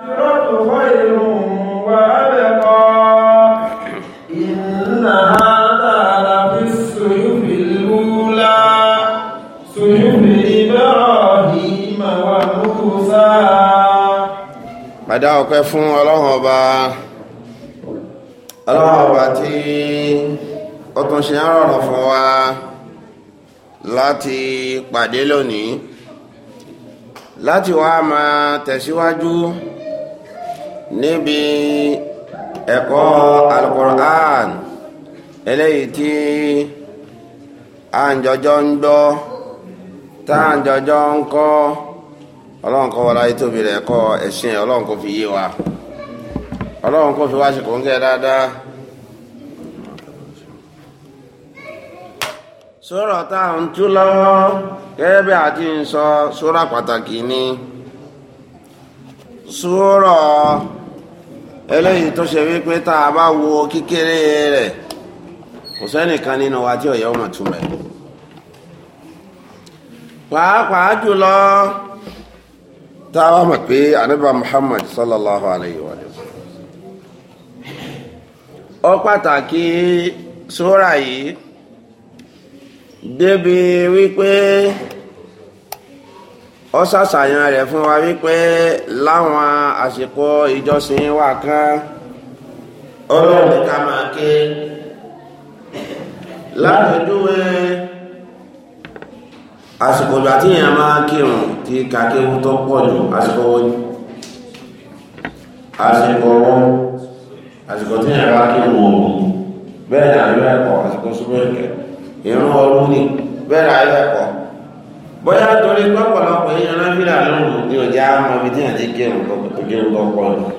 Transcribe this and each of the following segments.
الصراط خير وأبقى إن هذا لفي الصحف الأولى صحف إبراهيم وموسى Àdá ọpẹ́ fún ọlọ́run ọba ọlọ́run ọba tí ó tún ṣe ń rọrùn fún wa láti pàdé lónìí láti wá máa tẹ̀síwájú. Si níbi ẹ̀kọ́ alukur'an eléyìí tí àǹjọjọ́ ń gbọ́ tá àǹjọjọ́ ń kọ́ ọlọ́run kọ́ wọlá yìí tóbi rẹ̀ kọ́ ẹ̀sìn ọlọ́run kò fi yé wa ọlọ́run kò fi wá ṣe kò ń kẹ́ dáadáa. sọ́rọ̀ tá à ń tú lọ́wọ́ gẹ́gẹ́ bí a ti ń sọ sọ́rọ̀ pàtàkì ni sọ́rọ̀. eléyìí tó ṣe wípé tá a bá wo kékeré rẹ. kò sẹ́nìkan nínú wa tí ọ̀yẹ́ ọmọ túmọ̀ ẹ̀ pàápàá jùlọ tá a wá mọ̀ pé ànábà Muhammad sallallahu alayhi wa sallam ó pàtàkì sóra yìí débi wípé. ó ṣàṣàyàn rẹ̀ fún wa wípé láwọn àsìkò ìjọsìn wa kan ọlọ́run ká máa ké lápẹjúwe àsìkò ìgbà tí èèyàn máa kírun tí kàkéwu tó pọ̀ jù àsìkò wọn àsìkò wọn àsìkò tí èèyàn máa kírun òòrùn bẹ́ẹ̀ ni àyọ̀ ẹ̀kọ́ àsìkò súnmọ́ ẹ̀kẹ́ ìrún ọdún ni bẹ́ẹ̀ ni àyọ̀ ẹ̀kọ́ bóyá torí pọ́pọ̀lọpọ̀ èèyàn náà fílà lóhùn ní ọjà ọmọ ibi tí àti kírun lọ́pọ̀ rẹ̀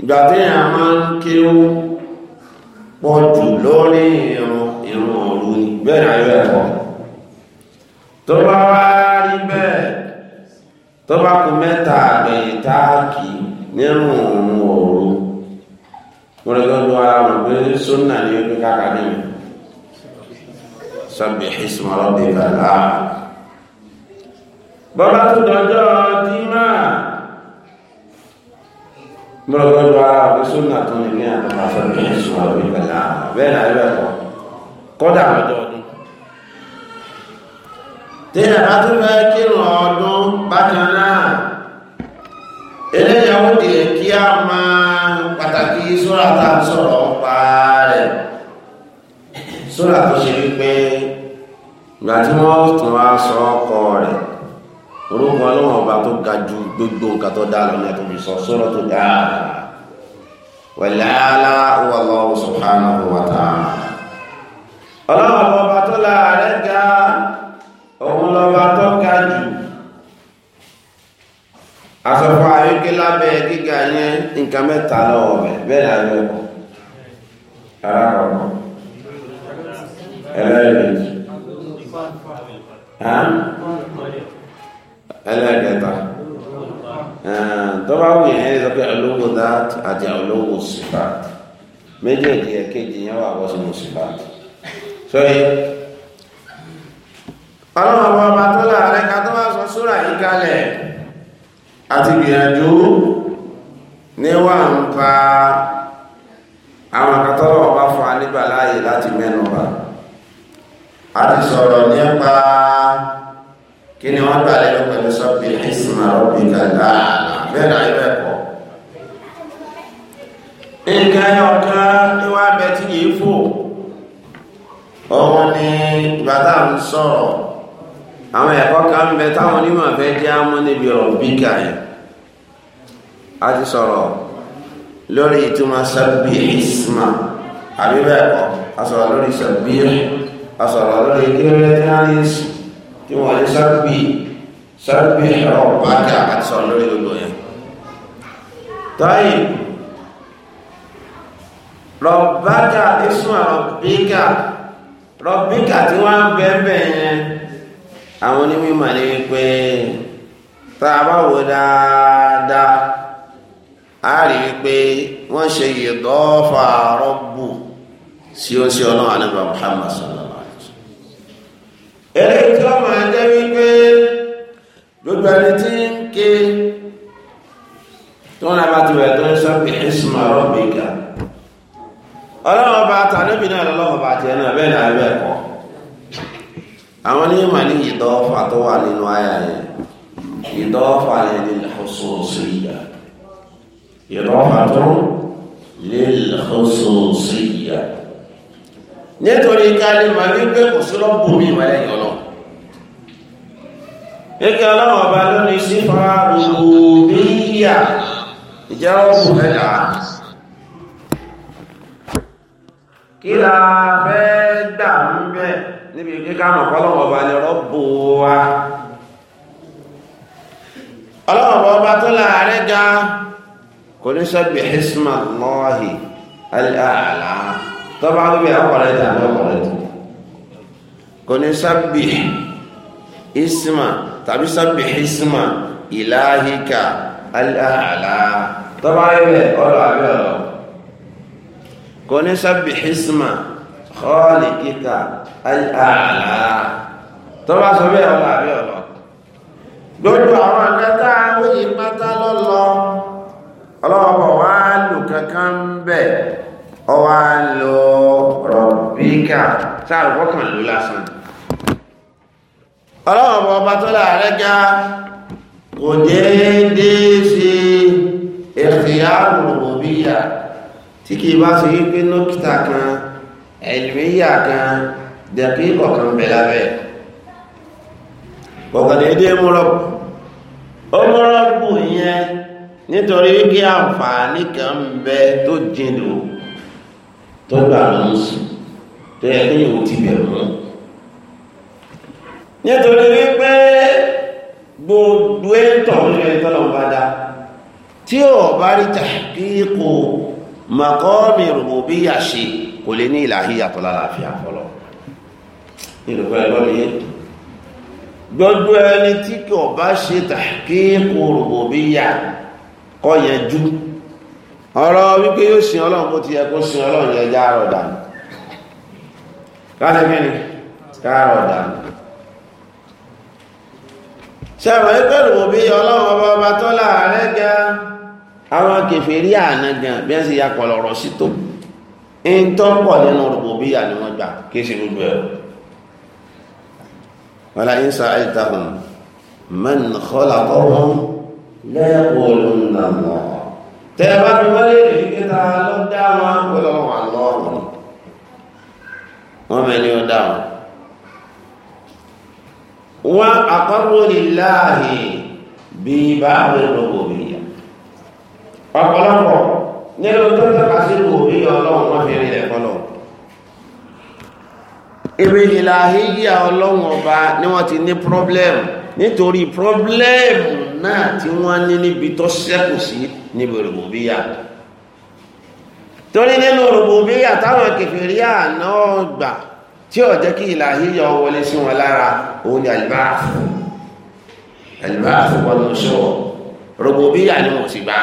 ìgbà tí a máa ń kéwú pọ̀ jù lórí ìrun ìrun òru ni bẹ́ẹ̀ náà yóò ẹ̀kọ́ tó bá wá rí bẹ́ẹ̀ tó bá kù mẹ́ta àgbẹ̀yìn táàkì nínú òun òru mo rẹ̀ lọ́dọ̀ ara sónà ni ó kákàdé mi sábẹ̀ ìsìn ọlọ́dẹ̀ bàlá bọ́bá tó dọjọ́ dímà mọ́lọ́gbọ́dọ̀ ara àbí súnà tó ní ní àtàkà sábẹ̀ ìsìn ọlọ́dẹ̀ bàlá bẹ́ẹ̀ náà ẹgbẹ́ kọ́ kọ́dà lọ́jọ́ ọdún tẹ́lẹ̀ bá tó fẹ́ kírun ọdún bákan náà eléyàwó dìé kí pàtàkì sọ́ra tá a sọ̀rọ̀ rẹ̀ sọ́ra tó ṣe wípé ìgbà tí wọ́n tún wá sọ ọkọ rẹ̀ orúkọ ọlọ́wọ́n ọba tó ga ju gbogbo nǹkan tó dá lọ ní ẹ̀tọ́ fi sọ sọ́rọ̀ tó dá wàlàálà wallahu subhanahu wa ta'ala ọlọ́wọ́n ọba tó láàárẹ̀ ga òun lọ́ba tó ga jù asọ̀fọ̀ àríkí lábẹ́ gíga yẹn nǹkan mẹ́ta lọ́wọ́ bẹ̀ bẹ́ẹ̀ lábẹ́ ọkọ̀ arákọ̀ọ́kọ̀ ẹlẹ́rìí ẹlẹ́ẹ̀kẹta tó bá wù yẹn sọ pé olówó dat àti olówó sibat méjèèjì ẹ̀kejì yẹn wà wọ́n sínú sibat sọ́yìn ọlọ́run ọba ọba tó láàrẹ ká tó wá sọ súrà yìí kalẹ̀ àti gbìyànjú níwà ń pa àwọn akatọ́lọ́ ọba fún anígbà láàyè láti mẹ́nu bà á sọ̀rọ̀ nípa kí ni wọ́n gbà lẹ́nu pẹ̀lú sọ́bì ìsìnmá rọ́bì gàdá bẹ́ẹ̀ náà yóò ẹ̀kọ́. nǹkan ẹyọ̀kan ni wọ́n abẹ tí kìí fò òun ni bàtà ń sọ̀rọ̀ àwọn ẹ̀kọ́ kan ń bẹ táwọn onímọ̀ fẹ́ jẹ́ àmọ́ níbi rọ̀bì gàyẹn a ti sọ̀rọ̀ lórí ìtumọ̀ sọ́bì ìsìnmá àbí bẹ́ẹ̀ a sọ̀rọ̀ lórí sọ́bì a sọ̀rọ̀ lórí kí tí wọ́n lè sábì sábì ẹ̀rọ bàtà àti sọ̀rọ̀ lórí gbogbo yẹn táyì rọ̀bátà ìsún àrọ̀bíkà rọ̀bíkà tí wọ́n ń bẹ̀ẹ̀bẹ̀ yẹn àwọn onímọ̀ ní wípé tá a bá wò dáadáa a rí wípé wọ́n ṣe ìdọ́fà rọ́bù sí ó sí ọlọ́run àníbà Muhammad sallallahu eléyìí tí ó máa jẹ́ wípé gbogbo ẹni tí ń ké tí wọ́n lábá ti rẹ̀ tó ń sọ pé ẹ̀sùn ọ̀rọ̀ gbèga ọlọ́run ọba tàbí náà lọ́lọ́run ọba tiẹ̀ náà ìdọ́fà tó wà nínú àyà nítorí ká lè máa rí pé kò sí lọ́pù mi wà lẹ́yìn ọ̀nà gẹ́gẹ́ ọlọ́run ọba ló ní sífà rúbíyà ìjẹ́ ọ̀pù mẹ́ta kí la fẹ́ gbà ń bẹ́ níbi kíkà mọ̀ kọ́lọ́run ọba ní rọ́bù wa ọlọ́run ọba tó láàárẹ̀ ga kò ní sọ́gbẹ̀ hisman lọ́hì aláàlá tọ́ba ló bí akọ̀rẹ́ tà ní ọkọ̀rẹ́ tà kò ní sábì isma tàbí sábì isma ìlàhíkà aláàlá tọ́ba ló bẹ̀ ọ̀rọ̀ àbí ọ̀rọ̀ kò ní sábì isma khalikika aláàlá tọ́ba sọ bẹ́ẹ̀ ọ̀rọ̀ àbí ọ̀rọ̀ gbogbo àwọn akẹta àwọn ìpátá lọ́lọ́ ọlọ́wọ́ wá lù kankan bẹ́ẹ̀ ọwá lọ rọ̀bíkà sáàrùkọ́kàn ló lásán ọlọ́run ọba tó láàrẹ́ ga kò déédé sí ẹ̀fìyàrùn òbíyà tí kìí bá sí wípé nókítà kan ẹ̀lùmíyà kan dẹ̀kí kọ̀kan bẹ̀lábẹ̀ kọ̀kan déédé múrọ̀bù ó múrọ̀bù yẹn nítorí wípé àǹfààní kan bẹ tó jìnlò tọ́jú àwọn mùsùn tó yẹ kí yóò ti bẹ̀rù wọn. nítorí wípé gbogbo ẹ̀ńtọ̀ nínú ẹ̀ńtọ́ lọ bá dá tí ò bá rí tàkíkò màkọ́ọ̀mì rògbò bí yàṣe kò lè ní ìlàhíyà tó lálàáfíà fọlọ nílùú ẹ̀rọ mi gbogbo ẹni tí kò bá ṣe tàkíkò rògbò bí yà kọ́ yẹn jú ọ̀rọ̀ wípé yóò sin ọlọ́run bó ti yẹ kó sin ọlọ́run yẹ jáàrọ̀ dànù láti mẹ́rin jáàrọ̀ dànù ṣẹ́wọ̀n ẹgbẹ́ lòun bí ọlọ́run ọba ọba tó láàárẹ̀ ga àwọn kèfèrí àná gan bí wọ́n sì ya pọ̀ lọ́rọ̀ sí tó ń tọ́ pọ̀ nínú rògbòbíyà ni wọ́n gbà kí ṣe gbogbo ẹ̀rọ wala in sa'altahum man khalaqahum la yaqulunna Allah tẹ́ bá fi wọ́lé ìrìnkẹta ló dá wọn ó lọ́wọ́ wà lọ́wọ́ ni wọ́n mẹ́ni ó dá wọn wọ́n àkọ́rọ̀ níláàhì bí bá rẹ̀ lọ́wọ́ mi yá ọ̀pọ̀lọpọ̀ nínú tó ọba ni wọ́n ti ní pírọ́blẹ́mù nítorí pọ́blẹ́mù náà tí wọ́n ní níbi tó ṣẹ́kù sí níbi rògbòbíyà torí nínú rògbòbíyà táwọn kèfèrí àná gbà tí ó jẹ́ kí ìlàhíyà wọlé sí wọn lára òun ni àlìbáàfù àlìbáàfù wọn ló sọ rògbòbíyà ni wọn sì gbà á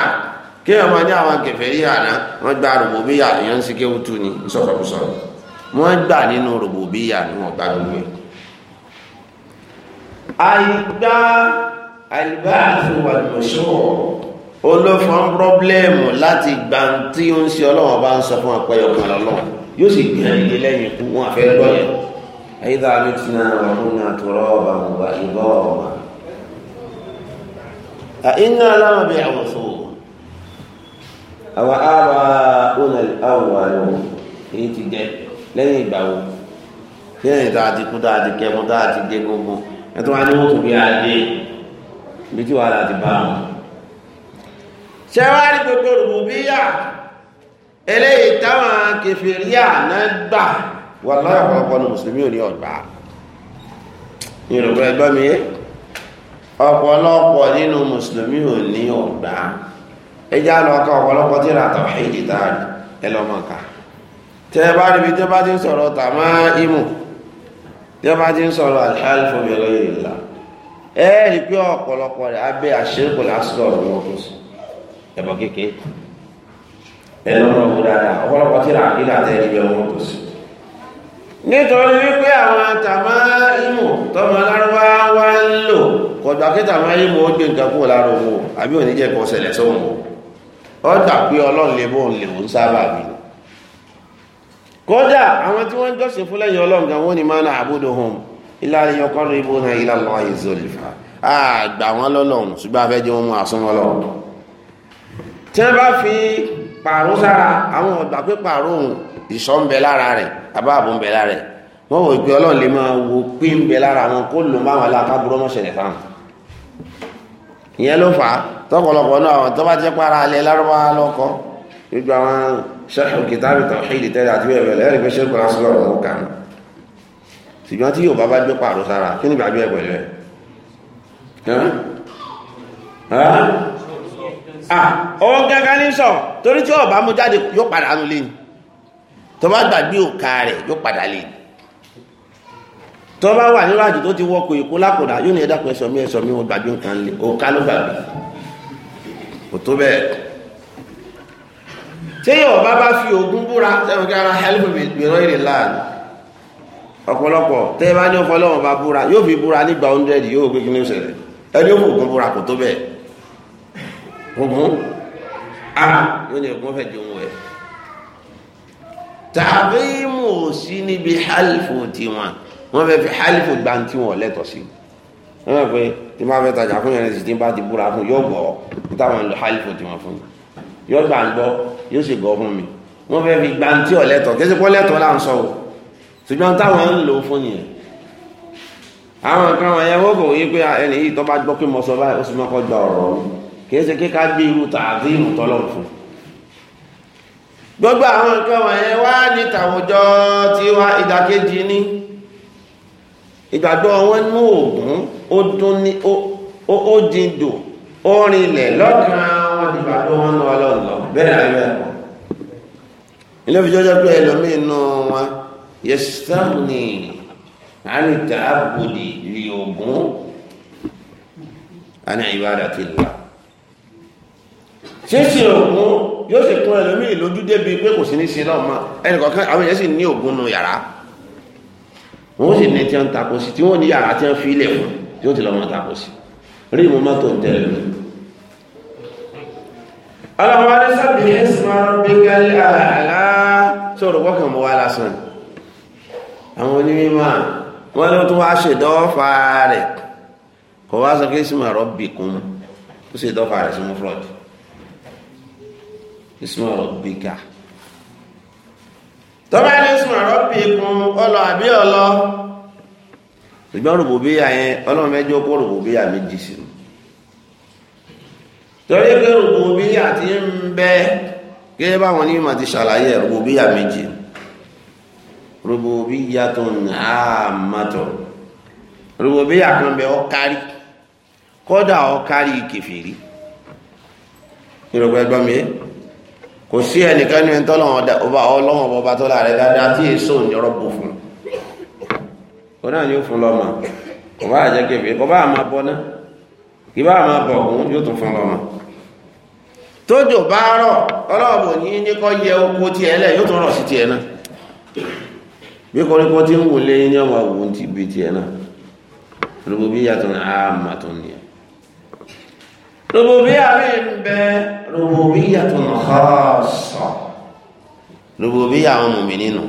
rògbòbíyà ni wọn gbà rògbòbíyà àìgbá àìbáàfin wà lọ́ṣọ́ olófin pọ́blẹ́mù láti gbà tí ó ń ṣe ọlọ́wọ́n bá ń sọ fún àpẹyọ kan lọ́wọ́ yóò sì gbìyànjú lẹ́yìn kú wọn àfẹ́ lọ́yẹ̀ àyíká mi ti náà wà fún mi àtúrọ̀ ọba ọba ìbọ̀ ọba. àìní aláwọ̀ bí àwọn fún àwọn ará ọ̀nà àwọn àlọ́ èyí ti jẹ lẹ́yìn ìgbà wo lẹ́yìn tá a ti ẹ̀tọ́ wa ní wọ́n tún bí adé ibi tí wàhálà ti bá wọn. ṣé wá ní gbogbo rùbùbíyà eléyìí táwọn kẹfìríà náà gbà wà lọ́yà ọ̀pọ̀lọpọ̀ ní mùsùlùmí ò ní ọ̀gbà yorùbá ẹgbẹ́ mi ọ̀pọ̀lọpọ̀ nínú mùsùlùmí ò ní ọ̀gbà ẹjá lọ ká ọ̀pọ̀lọpọ̀ tí ra tàwáhídì táàrí ẹlọ́mọ̀ká tẹ́ bá ríbi tẹ́ bá ti sọ̀rọ̀ tàmáà ìmù ndị ọba bá ti ń sọ̀rọ̀ àlàyé fún mi lọ́yìn ìlà ẹ rí pé ọ̀pọ̀lọpọ̀ rẹ̀ abẹ́ àṣírùkù lásìkò ọ̀rọ̀ wọn kò sí ẹ̀bọ̀ kéke ẹ lọ́rọ̀ na dáadáa ọ̀pọ̀lọpọ̀ tí ra àkílà tẹ̀ ẹ́ wọn kò sí. nítorí wípé àwọn tọmọ wá ń lò kọjá ó gbé nǹkan kúrò lára òun àbí òní jẹ́ kódà àwọn tí wọ́n jọ́sìn fún lẹ́yìn ọlọ́run gan wọ́n ni máa na àbúdó hàn ìlànà ìyọkọ́ rí ibò náà ìlànà ọ̀yẹ́ zòlìfà àgbà wọn lọ́lọ́run ṣùgbọ́n afẹ́ jẹ́ wọn mú àsúnmọ́ lọ. tí wọ́n bá fi pààrọ̀ sára àwọn ọ̀gbà pé pààrọ̀ òun ìṣọ́ ń bẹ lára rẹ̀ àbá àbò ń bẹ lára ìyẹn ló fà tọ́pọ̀lọpọ̀ náà àwọn jẹ́ pààrọ̀ alẹ́ lárúbáwá lọ́kọ́ gbogbo àwọn sẹ́kù kìtàbí tàwíìdì tẹ́lẹ̀ àti bẹ́ẹ̀ bẹ́ẹ̀ ẹ̀rì pé sẹ́kù lásán بابا ó kà ní ṣùgbọ́n tí yóò bá ها. gbé pààrọ̀ sára kí ni gbàgbé ẹ̀ pẹ̀lú ẹ̀ ọwọ́ gángan ní sọ torí tí ọba mú jáde yóò padà nù lẹ́yìn tó bá gbàgbé òkà rẹ̀ yóò padà lẹ́yìn tó bá wà nínú àjò tó ti wọkọ̀ èkó lákòdà yóò ní ẹ̀dá pẹ̀sọ̀ mi ẹ̀sọ̀ mi wọn gbàgbé nǹkan lé òkà ló gbàgbé kò tó bẹ́ẹ̀ téèyàn ọba bá fi ogun búra sẹ́wọ̀n kí ara hẹ́lùpù mìíràn ìrìn láàánú ọ̀pọ̀lọpọ̀ tẹ́ bá ní ọ̀pọ̀lọpọ̀ bá búra yóò fi búra nígbà 100 yóò gbé kí ní ìṣẹ̀lẹ̀ ẹni ó fò ogun búra kò tó bẹ́ẹ̀ ogun a yóò ní ogun fẹ́ jẹun ẹ̀ tàbí mò sí níbi hálífò tiwọn wọ́n fẹ́ fi hálífò gba tí wọ́n lẹ́tọ̀ sí wọ́n fẹ́ pé tí máa fẹ́ tajà fún yẹn ti bá ti búra fún yóò gbọ́ táwọn lo yóò gbà ń gbọ́ yóò sì gbọ́ fún mi wọ́n fẹ́ fi gbantí ọ̀lẹ́tọ̀ kí ẹ sì pọ́ lẹ́tọ̀ là ń sọ o ṣùgbọ́n táwọn ń lò fún nìyẹn àwọn nǹkan wọn yẹn wọ́n kò wí pé ẹni yìí tó bá gbọ́ pé mo sọ báyìí ó sì mọ́kọ́ gba ọ̀rọ̀ kì í ṣe kí ká gbé irú tààtì ìmù tọ́lọ̀ fún gbogbo àwọn nǹkan wọn wá ní tàwùjọ tí wá ìdàkejì ní ìgbàgbọ́ wọn mú òògùn ó dín dò ó rinlẹ̀ lọ́kàn gbà pé wọ́n ń lọ ọlọ́run lọ bẹ́ẹ̀ náà bẹ́ẹ̀ pọ̀ ilé ìfijọ́ jẹ́ pé ẹlòmíì nù wọn yẹsítàmùnì àríta àbòdì lè ògún àní ìbára ti là ṣíṣe ògún yóò sì kún ẹlòmíì lójú débi pé kò sí ní ṣe náà mọ́ ẹnìkọ̀ọ̀kan àwọn èèyàn sì ní ògún nù yàrá wọ́n sì ní tí wọ́n ń sí tí wọ́n ní yàrá tí wọ́n fi ilẹ̀ fún tí wọ́n ti lọ́mọ takò sí rí ìmọ̀ tẹ̀lé mi ọlọ́wọ́ ní sọ́bí ẹ̀sùn bí gẹ́lẹ́ àlá sọ̀rọ̀ wọ́kàn mọ́ wá lásán àwọn onímọ̀ wọ́n ló tún wá ṣe dọ́fà rẹ̀ kò wá sọ kí ìsìnmọ̀ rọ̀ bì kún ó ṣe dọ́fà rẹ̀ sí mú ìsìnmọ̀ rọ̀ bì ká tọ́ba ní ìsìnmọ̀ rọ̀ bì kún ọlọ ọlọ́run mẹ́jọ kó rògbòbíyà méjì sínú torí pé rùbùbíyà ti ń bẹ ma ti ṣàlàyé rùbùbíyà méjì rùbùbíyà tó ń àmàtọ̀ rùbùbíyà kan bẹ ọkárí kódà ọkárí kẹfìrí ìrọ̀pẹ́ gbọ́n kò sí ẹnìkan ní ẹntọ́ ọlọ́wọ́n ọba tó láàrẹ dáadáa tí èso ní rọ́bù fún kò náà yóò fún kò bá àjẹkẹ̀fẹ́ àmà bọ́ náà kì àmà òun yóò tún fún tójò bá rọ̀ ọlọ́ọ̀bù ní ní kọ́ yẹ oko tí ẹ lẹ̀ yóò tún rọ̀ sí ti ẹ náà bí koríko tí ń wù lé ní ọmọ ògùn ti bí ti ẹ náà bí yàtọ̀ ní àmà tó ní ẹ bí àmì ń bẹ rúbù bí yàtọ̀ ní ọ̀sọ̀ rúbù bí àwọn mùmí nínú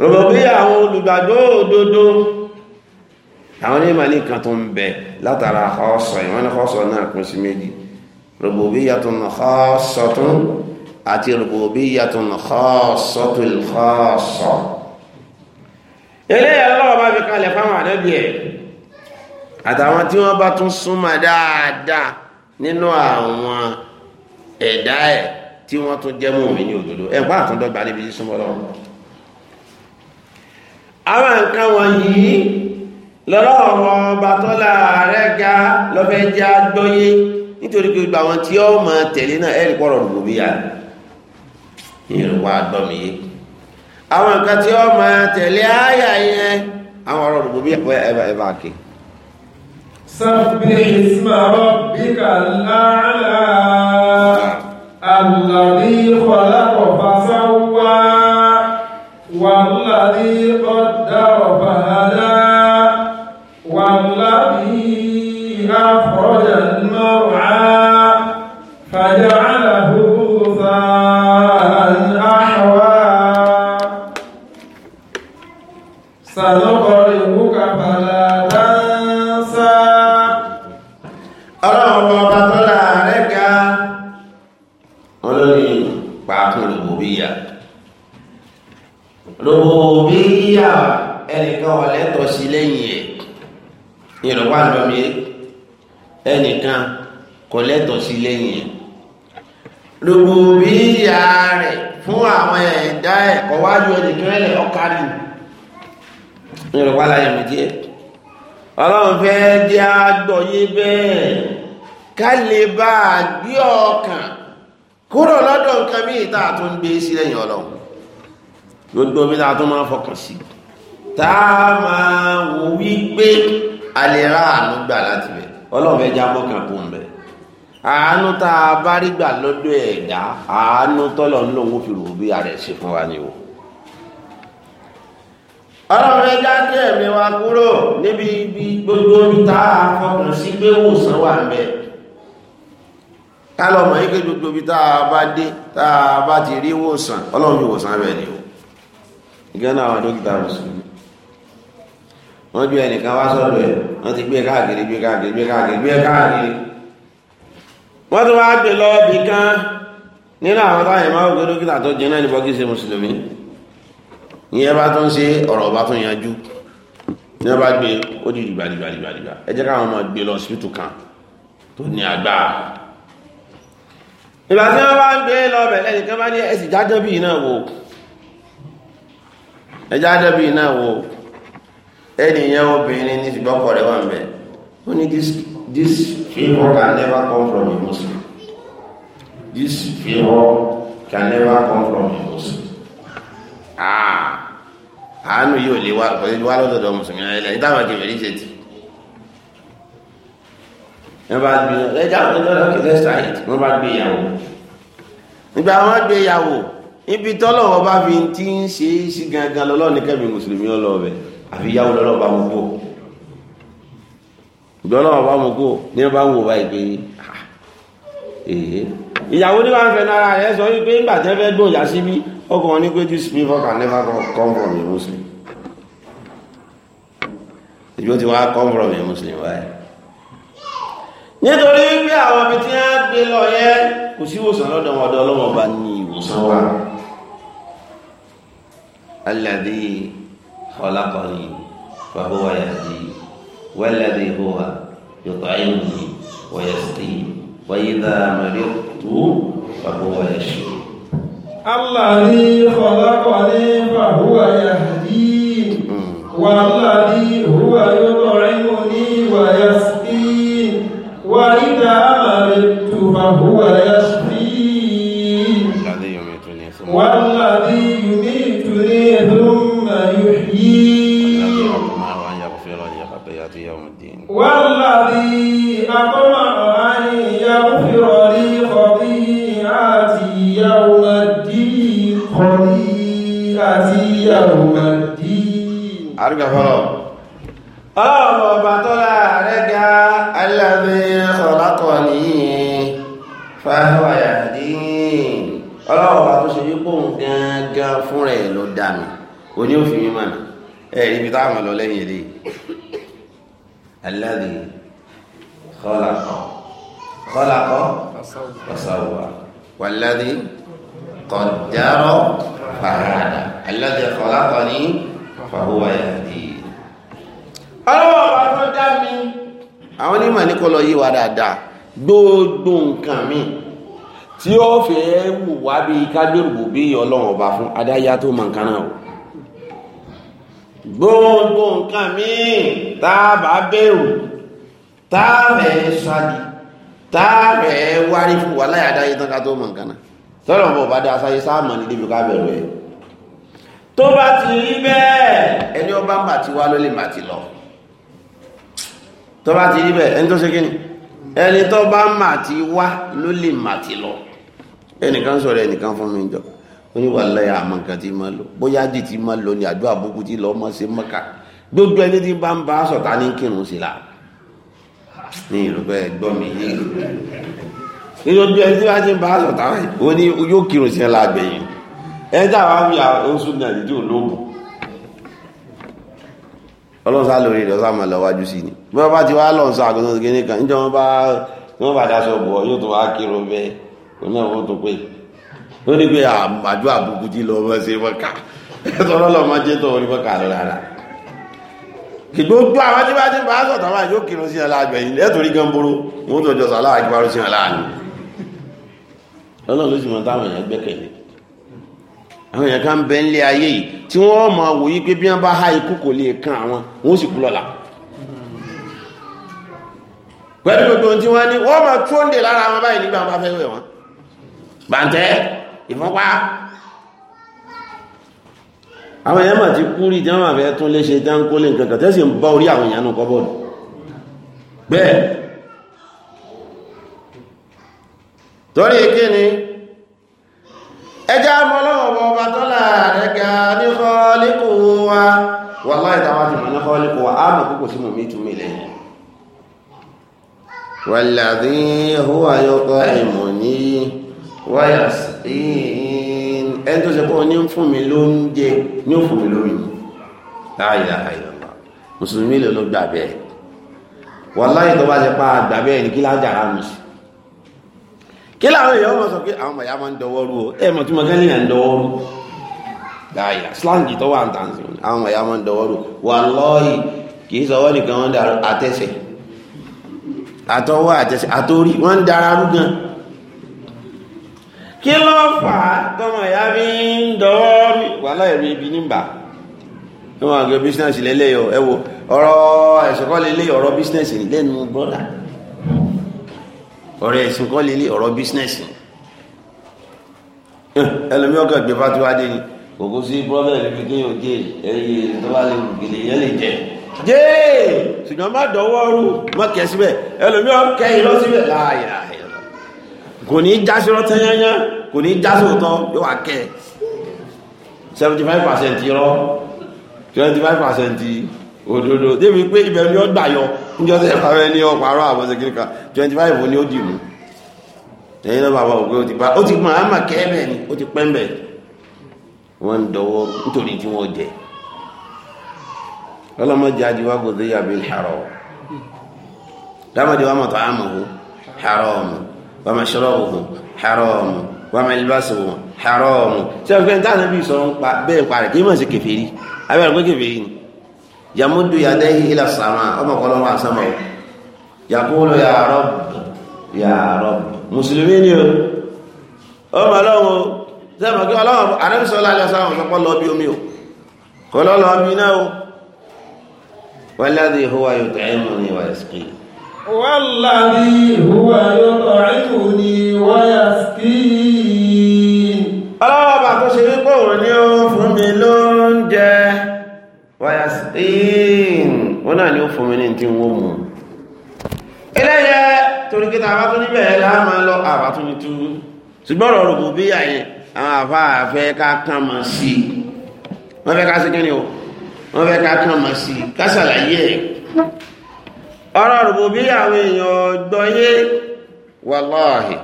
rúbù bí àwọn olùgbàgbọ́ òdodo àwọn onímọ̀ ní kan tó ń bẹ látara ọ̀sọ̀ ìwọ́n ní ọ̀sọ̀ náà pín sí méjì rububiyyatun khassatun àti rububiyyatun khassatul khassa eléyà lọ́wọ́ bá fi kalẹ̀ fáwọn ànábì ẹ̀ àtàwọn tí wọ́n bá tún súnmọ́ dáadáa nínú àwọn ẹ̀dá ẹ̀ tí wọ́n tún jẹ́ mùmí ní òdodo ẹ̀ wọ́n àtúndọ́gba níbi sísúnmọ́ lọ́wọ́ àwọn nǹkan wọ̀nyí lọ́lọ́wọ́ bá tọ́lá rẹ̀ ga lọ́fẹ́ jẹ́ àgbọ́yé nítorí pé gbogbo àwọn tí ó máa tẹ̀lé náà ẹ̀rí pọ̀rọ̀ rògbò bí yà ìrìn wa dọ́mi yé àwọn nǹkan tí ó máa tẹ̀lé àyà yẹn àwọn ọ̀rọ̀ rògbò bí ẹ̀bà ẹ̀bà kì. sábẹ́ ìsìnmọ̀ bíkà láàárọ̀. gbogbo omi náà tó máa fọkàn sí tá a máa wò wípé alẹ́ rà àánú gbà láti bẹ̀ ọlọ́run fẹ́ já mọ́kàn kó ń bẹ̀ àánú tá a bá rí gbà lọ́dọ̀ ẹ̀dá àánú tọ́lọ̀ ń lòun fi rò bí ara ẹ̀ ṣe fún wa ni o ọlọ́run já kí ẹ̀mí wa kúrò níbi ibi gbogbo omi tá a fọkàn sí pé wòsàn wà ń bẹ̀ kálọ̀ mọ̀ yí pé gbogbo ibi tá a bá dé tá a bá ti rí wòsàn ọlọ́run fi wòsàn ni o ìgbọ́n náà àwọn dókítà mùsùlùmí wọ́n ju ẹnìkan wá sọ́dọ̀ ẹ̀ wọ́n ti gbé káàkiri gbé káàkiri gbé káàkiri gbé káàkiri wọ́n tó wá gbé lọ bì kan nínú àwọn táyẹ̀ máa wọ́n gbé dókítà tó jẹ́ náà ní bọ́kí ṣe mùsùlùmí ìyẹn bá tó ń ṣe ọ̀rọ̀ bá tó yanjú ní wọ́n bá gbé ó di ìdìbà ìdìbà ìdìbà ìdìbà ẹ jẹ́ káwọn máa gbé lọ síbítù kan tó ní àgbà ìgbà tí wọ́n bá gbé lọ bẹ̀ lẹ́nìkan bá ní ẹ̀sìn jájọ́ bíi náà wò ẹjá dẹ́bí náà wo ẹnìyàn obìnrin ní ṣùgbọ́kọ̀ rẹ̀ wà bẹ̀ ó ní this favour can never come from a Muslim this favour can never come from a Muslim ah àánú yóò lè wá pẹ̀lú wá lọ́dọ̀dọ̀ mùsùlùmí ẹ̀lẹ́ ìdáwọn kèfèrí ṣe ti wọ́n bá gbé ẹjá ọ̀dọ́dọ̀ kẹfẹ́ sáyẹ̀tì wọ́n bá gbé ìyàwó nígbà wọ́n gbé ìyàwó ibi tọ́lọ́wọ́ bá fi ti ń ṣe é sí gangan lọ́lọ́ ní kẹ́mi mùsùlùmí ọlọ́ọ̀bẹ̀ àfi yáwó lọ́lọ́ bá mú kó lọ́lọ́ bá mú kó ní bá wò báyìí pé ah, èyí ìyàwó ní wàá ń fẹ́ nára rẹ̀ sọ wípé ńgbà tẹ́ fẹ́ gbòòjà sí bí ọkùnrin ní pé this people can never come from a muslim ìbí ó ti wá come from a muslim báyìí nítorí wípé àwọn ibi tí wọ́n gbé lọ yẹ kò sí ìwòsàn lọ́dọ̀ wọn ọ̀dọ̀ ọlọ́wọ́n bá ní ìwòsàn wa. الذي خلقني فهو يهدي والذي هو يطعمني ويسقيني وإذا مرضت فهو يشفي الذي خلقني فهو يهدين والذي هو يطعمني ويسقين وإذا مرضت فهو يشفي tí ó fẹ́ wù wá bí kábírùbù bí ọlọ́run ọba fún adáyá tó mọ̀ nǹkan náà o gbogbo nǹkan míì táàbà bẹ̀rù táàbẹ̀ sadi táàbẹ̀ wárí fún wà láyé adáyé tán ká tó mọ̀ nǹkan náà tọ́lọ̀ bọ̀ bá dá asáyé sáàmà ní débi kábẹ̀rù ẹ̀ tó bá ti rí bẹ́ẹ̀ ẹni ọba ń bà ti wá ló lè ti lọ tó bá ti rí bẹ́ẹ̀ ẹni tó ṣe kí ni ẹni tó bá ń mà ti wá ló lè ti lọ ẹnìkan sọ̀rọ̀ ẹnìkan fún mi jọ oníwàlẹ́ àmọ́ nǹkan tí máa lò bóyá dì tí máa lò ní àdó àbúkú tí lọ́ọ́ máa ṣe mọ́ka gbogbo ẹni tí bá ń bá a sọ̀tà ní kírun sí la ní ìrúbẹ́ ẹgbọ́ mi yé ìrúbẹ́ ẹni tí bá ti ń bá a sọ̀tà ó ní yóò kírun sí la gbẹ̀yìn ẹni tí àwa fi oṣù nàìjíríà olóògùn ọlọ́nsá lórí ìdọ́sá máa lọ wájú sí ni bí wọ́n bá ti wá lọ́nsá àgùntàn kìnnìkan níjọ́ wọn bá wọn bá daṣọ bọ̀ yóò tó wá kírun bẹ́ẹ̀ òun náà wọ́n tó pé ó ní pé àjọ àbùkù tí lọ bọ́ sí mọ́kà ẹ̀tọ́rọ́ lọ máa jẹ́ tó orí mọ́kà lọ rárá gbogbo àwọn tí bá ti bá sọ̀tọ̀ máa yóò kírun sí ẹ̀la àgbẹ̀ yìí lẹ́tọ̀rí gan boro wọn tó jọ sàlá àgbàrú sí ẹ̀la àná lọ́nà ló sì mọ táwọn èèyàn gbẹ́kẹ̀lé àwọn èèyàn kan bẹ ńlé ayé yìí tí wọ́n máa wòye pé bí wọ́n bá há ikú kò lè kan àwọn wọn sì kú lọ́la pẹ̀lú gbogbo tí wọ́n ní wọ́n máa tó lára wọn báyìí nígbà wọn bá fẹ́ wẹ̀ wọ́n bàǹtẹ́ ìfúnpá àwọn èèyàn mà ti kú rí tí wọ́n máa fẹ́ tún léṣe tí wọ́n kó lè nǹkan kan tẹ́sí ń bá orí àwọn èèyàn nù kọ́bọ̀dù bẹ́ẹ̀ torí kí ni ẹjá mọ́lọ́wọ́ ọba tọ́lá rẹ̀ ga ní kọ́ọ́líkù wà láì wáyà ẹni tó ṣe pé wọ́n ní ń fún mi lóúnjẹ ní òfún mi lómi láàyè àìlọ́lá mùsùlùmí lè ló gbà bẹ́ẹ̀ wọ́n tó bá pa àgbà bẹ́ẹ̀ ní kí lájà rà mí kí láwọn èèyàn sọ pé àwọn ọmọ ìyá máa ń o ẹ mọ̀ tí mo kẹ́ níyà ń dọwọ́ rú láàyè slangi tó wà ń tàn sí àwọn ọmọ ìyá máa ń dọwọ́ rú kì í wọ́n wọ́n kí ló fà á tọmọ ìyá fi ń dọwọ́ rí wàhálà ẹ̀rí ibi nígbà ẹ wọn àgbẹ̀ bísínẹ́sì lẹ́lẹ́yọ ẹ wo ọ̀rọ̀ ẹ̀sìn kọ́ lélẹ́ ọ̀rọ̀ bísínẹ́sì lẹ́nu bọ́lá ọ̀rọ̀ ẹ̀sìn kọ́ lélẹ́ ọ̀rọ̀ bísínẹ́sì ẹlòmí ọkọ̀ gbé fatiwa dé ni kòkó sí bọ́lá ẹ̀rí kéèyàn jẹ́ ẹ̀yẹ tó bá lè gèlè yẹn lè jẹ́ jẹ́ ṣùgbọ́n má dọwọ́ rú má kẹ́ síbẹ̀ ẹlòmí ọkẹ́ ìlọ láàyà kò ní jásí rántí yányá kò ní jásí òótọ́ yóò wá kẹ́ seventy five percent rọ twenty five percent òdodo débi pé ibẹ̀ ni ó gbà yọ níjọ́ tẹ́ ẹ̀fà àbọ̀sẹ̀ twenty five ni ó dì ẹ̀yin náà bàbá òpé ó ti bá ó ti mọ̀ àmà kẹ́ẹ̀bẹ̀ ni ó ti pẹ́ńbẹ̀ wọ́n ń dọwọ́ nítorí tí wọ́n jẹ ọlọ́mọdé dámọ̀dé àmọ̀ ومشربهم حرام وملبسهم حرام سيكون تعالى النبي صلى الله عليه وسلم كيما سي كفيري ابي ركو كفيري يمد يديه الى السماء وما قالوا مع السماء يقول يا رب يا رب مسلمين يا ọmọ ọlọ́run sẹ́mọ̀ kí ọlọ́run àrẹ́bìsọ́lá alẹ́sàwọn sọpọ̀ lọ bí omi o kọlọ́lọ́ bí náà o wọ́n lẹ́dí ìhúwà yóò tẹ́ ẹ̀mù ní ìwà ìsìnkú والذي هو يطعمني ويسقين ọlọ́wọ́ bá tó ṣe wípé òun ni ó fún mi lóúnjẹ wayasqin wọ́n náà ni ó fún mi ní tí wọ́n mú eléyẹ torí kí tàbá tó níbẹ̀ láàmà lọ àbá tó ní tú ṣùgbọ́n ọ̀rọ̀ rògbò bí àyẹ ọ̀rọ̀ rùgbò bí àwọn èèyàn gbọ́yé wàláhì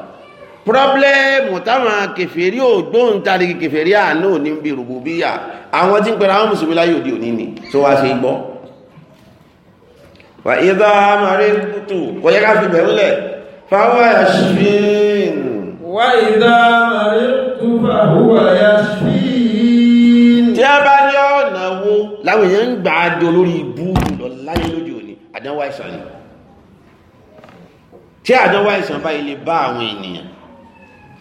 pírọ́blẹ́mù táwọn kèfèrí ògbóhùn tàbí kèfèrí àánú ní bí rùgbò bí yà àwọn tí ń pẹ̀lú àwọn mùsùlùmí láyé òdí òní ni tó wá ṣe gbọ́ wà ìdá àmàrí kùtù kò yẹ ká fi wo láwọn èèyàn ń gbà á di olórí ibú lọ láyé lójú àdánwò àìsàn ni tí àdánwò àìsàn báyìí lè bá àwọn ènìyàn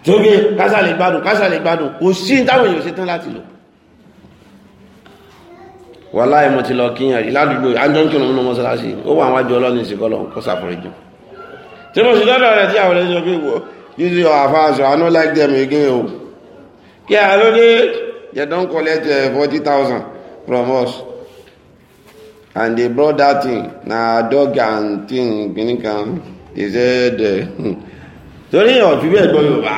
tí ó gbé kásà lè gbádùn kásà lè gbádùn kò sí táwọn èèyàn ṣe tán láti lò wàláhì mo ti lọ kíyàn rí ládùúgbò àjọǹkì òun mọ́sálásí ó wà wájú ọlọ́ni ìsìnkọ́lọ̀ kó ṣàforíjì tí mo sì lọ́dọ̀ rẹ̀ tí àwọn ẹni sọ pé wò this is your affairs I no like them again o kí àlódé they don collect forty thousand from us and they brought that thing na dog and thing gini kan he said eh, hmm. torí èèyàn fi bẹ́ẹ̀ gbọ́ yorùbá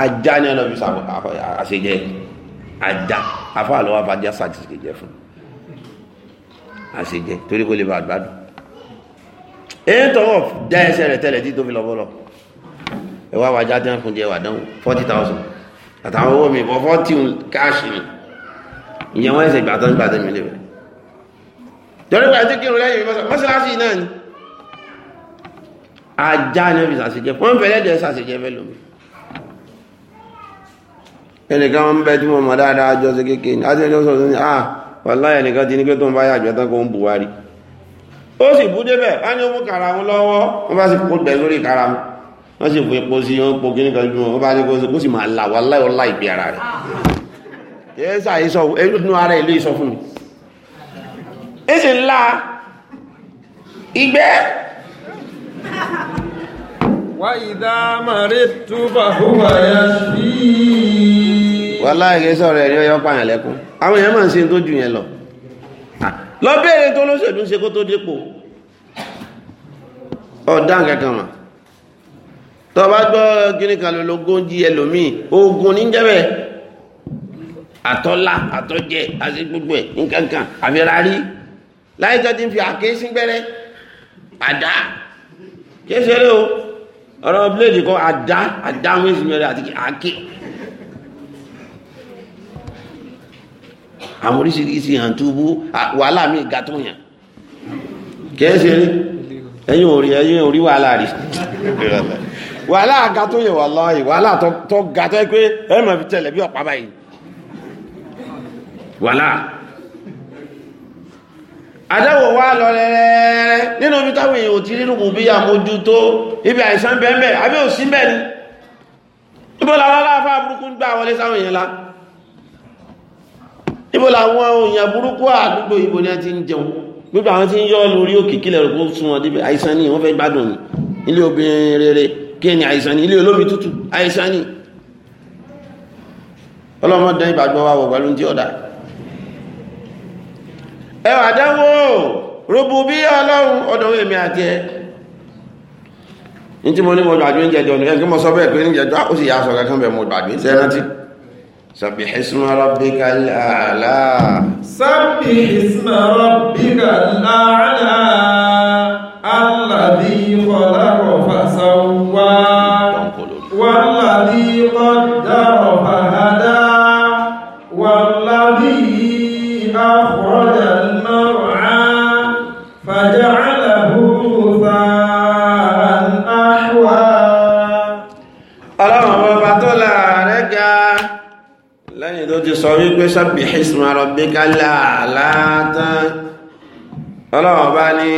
ajá ni ọ̀nà fi àṣejẹ ajá afá lọ́wọ́ afájá sàtìsìkè jẹ fún àṣejẹ torí kò lè bá àgbàdùn èyí tó wọ̀ dá ẹsẹ̀ rẹ̀ tẹ́lẹ̀ tí tó fi lọ bọ́lọ̀ ẹwà wájá tí wọ́n fún jẹ wàdánwò 40,000 àtàwọn owó mi bọ́ 40 káàṣì ni ìyẹn wọ́n ẹsẹ̀ gbàtọ́ nígbàtọ́ mi lè bẹ̀rẹ̀ torípa tí kírun lẹ́yìn ìfẹ́sọ̀ mọ́sílásì náà ni ajá ní ọ̀fíìsì àṣìjẹ́ wọ́n fẹ́ lẹ́dẹ̀ẹ́ sàṣìjẹ́ fẹ́ lómi ẹnìkan wọn bẹ tí mo mọ̀ dáadáa jọ sí kéèké ní àti ẹjọ́ sọ̀rọ̀ ní àà wàláyé ẹnìkan ti ní pé tó ń bá yàjọ tán kó ń buwari ó sì bú débẹ̀ á ní ó mú kàrà wọn lọ́wọ́ wọ́n bá èsì ńlá ìgbẹ́ wà ìdá màrí túbà húwà yá sí wà láìké sọ̀rọ̀ ẹ̀rí ọyọ́ pààyàn lẹ́kún àwọn èèyàn máa ń ṣe tó jù yẹn lọ lọ bèèrè tó lóṣèlú ṣe kó tó dépò ọ̀dá kankan mà tó bá gbọ́ gíní kan lọ́gọ́jì ẹlòmíì ogun ní àtọ́lá àtọ́jẹ àti gbogbo ẹ̀ nǹkan kan àfi rárí láyé tó ti ń fi àké sí gbẹ́rẹ́ àdá kéṣeré o ọ̀rọ̀ bíléèdì kan àdá àdá àwọn èsì mẹ́rẹ̀ àti àké àwọn oríṣiríṣi hàn túbú wàhálà mi ga tó yàn kéṣeré ẹ̀yìn orí ẹ̀yìn orí wàhálà rí wàhálà ga tó yàn wallahi wàhálà tó ga tó yẹ pé ẹ máa fi tẹ̀lẹ̀ bí ọ̀pá báyìí wàhálà àdáwò wá lọ rẹ̀rẹ̀ nínú ibi táwọn èèyàn ò ti rínú bí àmójú tó ibi àìsàn bẹ́ẹ̀mẹ́ àbí ò sí bẹ́ẹ̀ ni níbo làwọn aláàfà burúkú gbà wọlé sáwọn èèyàn la níbo làwọn èèyàn burúkú àdúgbò ìbò ni a ti ń jẹun gbogbo àwọn tí ń yọ lórí òkè kílẹ̀ rẹ̀ kó sún wọn débẹ̀ àìsàn ni wọ́n fẹ́ gbádùn ẹwà dánwò rúbù bí ọlọ́run ọdún èmi àti ẹ ní tí mo ní mo gbàgbé ń jẹjọ ní ẹgbẹ́ mo sọ bẹ́ẹ̀ pé ń jẹjọ ó sì yà sọ kankan bẹ́ẹ̀ mo gbàgbé sẹ́rántí سبح اسم ربك الأعلى سبح اسم ربك الأعلى الذي خلق sọ wípé sábì hisma rabbika láàlátán ọlọ́wọ́ bá ní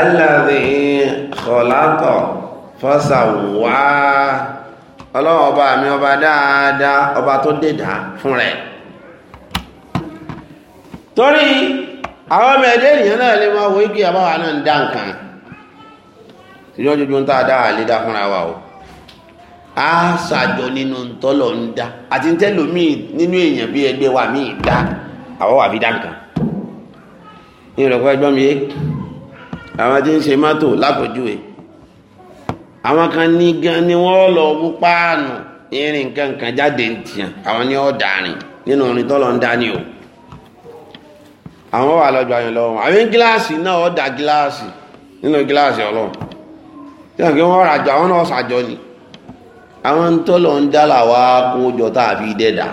alladhi khalaqa fasawwa ọlọ́wọ́ bá mi ọba dáadáa ọba tó dèdà fún rẹ̀ torí àwọn ọmọ ẹ̀dẹ́ ènìyàn náà lè máa wo igi àbáwà náà dá nǹkan ìjọ́jú ń tà dáa lè dá fúnra wa o A ṣàjọ nínú ntọ́lọ̀ ń dá àti ntẹ́lòmíì nínú èèyàn bí ẹgbẹ́ wa míì dá àwọn wà fi dá nǹkan ní ìrọ̀pọ̀ ẹgbọ́n mi yé àwọn tí ń ṣe mọ́tò lápòjúwe àwọn kan ní gan ni wọ́n lọ wú páànù irin nǹkan nǹkan jáde ń tiẹ̀ àwọn ní ọ̀dà rìn nínú orin tọ́lọ̀ ń dá ni o àwọn wà lọ́jọ́ àyàn lọ́wọ́ àwọn gíláàsì náà ọ̀dà gíláàsì nínú gíláàsì ọlọ́run tí wọ́n ra àjọ àwọn náà ṣàjọ ni àwọn ń tọ́lọ̀ ń dá làwa kójọ tá a fi dẹ́dà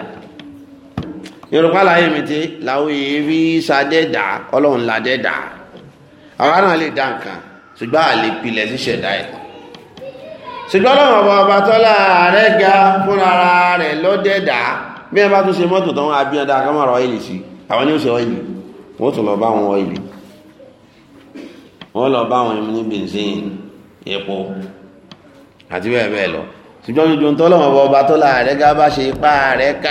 yorùbá láyé mi ti làwọn èèyàn fi ṣàdẹ́dà ọlọ́run la dẹ́dà àwa náà lè dá nǹkan ṣùgbọ́n àlè pilẹ̀ sí ṣẹ̀dá ẹ̀ ṣùgbọ́n ọlọ́run ọba ọba tọ́lá ààrẹ ga fúnra rẹ̀ lọ́dẹ́dà bí ẹ bá tún ṣe mọ́tò tán abíyàn dáa ká sí àwọn ní ó ṣe ọ́ìlì wọ́n tún lọ bá wọn ọ́ìlì wọ́n lọ bá wọn ní benzin epo àti bẹ́ẹ̀ bẹ́ẹ̀ lọ ṣùgbọ́n gbogbo ń ọba tó láàrẹ gá bá ṣe ipá rẹ̀ ká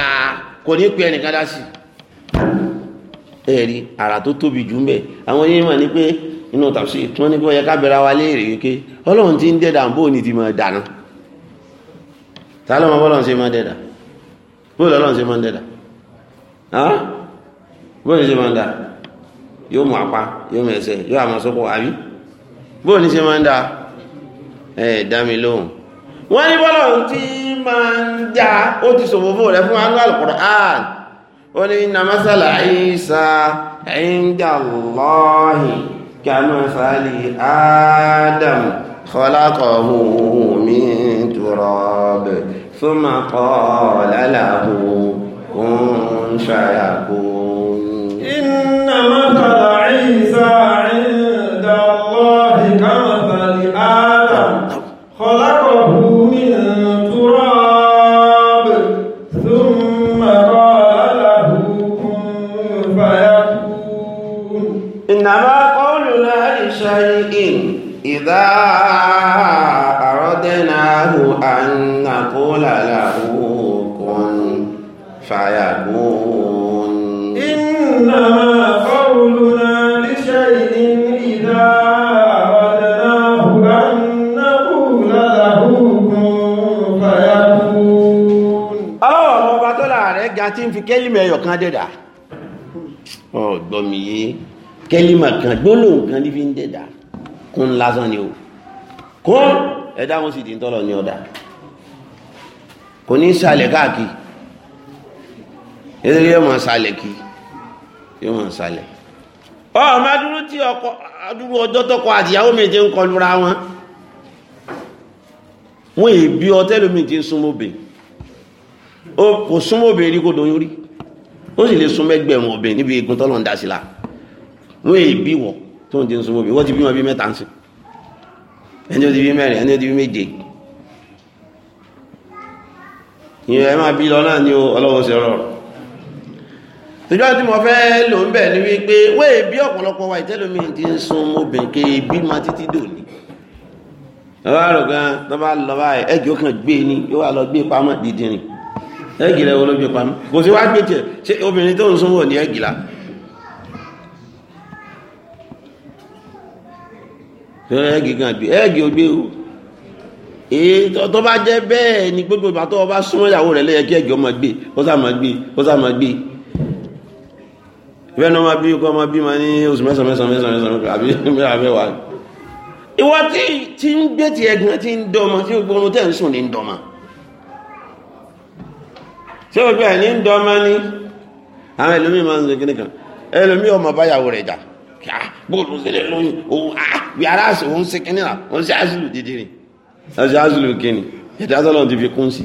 kò ní pé ẹnìkan dá sí ẹ̀rí àrà tó tóbi jù ń àwọn yìí mà ní pé inú tàbí tí wọ́n ní kó yẹ ká bẹ̀rẹ̀ wa léèrè wípé ọlọ́run ti ń ní ti dànù bọ́lọ́run ṣe ṣe ṣe dà wọ́n ní bọ́lọ̀ tí máa ń dá ó ti sọ fòfò rẹ̀ fún àwọn Al-Qur'an ó ní inna masala Isa inda Allahi kamathali Adam khalaqahu min turab thumma qala lahu kun fayakun inna masala Adam khalaqahu شيء إِذَا أَرَدْنَاهُ أن نقول له كن فيكون إنما قولنا لشيء إذا أردناه أن نقول له كن فيكون ọ̀rọ̀ ọba tó láàrẹ̀ ga tí ń fi kélìmẹ̀ kẹ́límà kan gbólóhùn kan ní fi ń dẹ̀dà kún lásán ni o kún ẹ̀dá wọn sì ti ń tọ́lọ̀ ní ọ̀dà kò ní sàlẹ̀ káàkiri nítorí yóò máa sàlẹ̀ kí yóò máa sàlẹ̀ ọmọ adúrú tí ọkọ adúrú ọjọ́ tọkọ àtìyàwó méje ń kọlura wọn wọn èbí ọtẹ́lú méje súnmọ́bẹ̀ kò súnmọ́bẹ̀ rí kó doyún rí ó sì lè súnmọ́ ẹgbẹ̀rún ọbẹ̀ níbi egun tọ́lọ̀ ń dá la wọ́n tó ń di nsọ́mọ́ bí wọ́n ti bí wọn bí mẹ́ta ń sìn ẹni tó ti bí mẹ́rin ẹni tó ti bí méje ìyẹn ẹ máa bí lọ náà ní ọlọ́wọ́ sí ọ̀rọ̀ tòjọ́ tí mo fẹ́ lò ń bẹ̀ ni wípé wọ́n èbí ọ̀pọ̀lọpọ̀ wa ìtẹ́lómi ti ń sun obìnrin ké bí ma títí dòní ọba rò gan tó bá lọ báyìí ẹgì ó kàn gbé ni yóò wá lọ gbé pamọ́ dídìrín ẹgì rẹ̀ wọ́n ló gbé pamọ́ kò sí wá gbé tiẹ̀ ṣé obìnrin tó ń sunwọ̀n ní ẹgì la ẹ̀ẹ́gì kan àbí ẹ̀ẹ́gì ogbé o ètò tó bá jẹ́ bẹ́ẹ̀ ni gbogbo ìgbà tó o bá súnmọ́ ìyàwó rẹ̀ lẹ́yẹ kí ẹ̀gì ọmọ gbé ó sá máa gbé ó sá máa gbé ìfẹ́ ní ọmọ bí ọkọ̀ ọmọ bí ma ní oṣù mẹ́sàn-án mẹ́sàn-án mẹ́sàn-án àbí mẹ́wàá ìwọ tí tí ń gbé ti ẹ̀gbọ́n tí ń dọ́mọ tí gbogbo orun tẹ̀ ń sùn ní ń dọ́mọ ṣé gbogbo ẹ̀ ní ń dọ́mọ ní àwọn ẹlòmíì máa ń Ah, bóòlù ń sílẹ̀ lóyún òun ah, bí ara àṣẹ òun ṣe kíní à òun ṣe àṣìlù dídí ni ṣe àṣìlù kíní ẹ̀dá sọ́lọ́ ti fi kún sí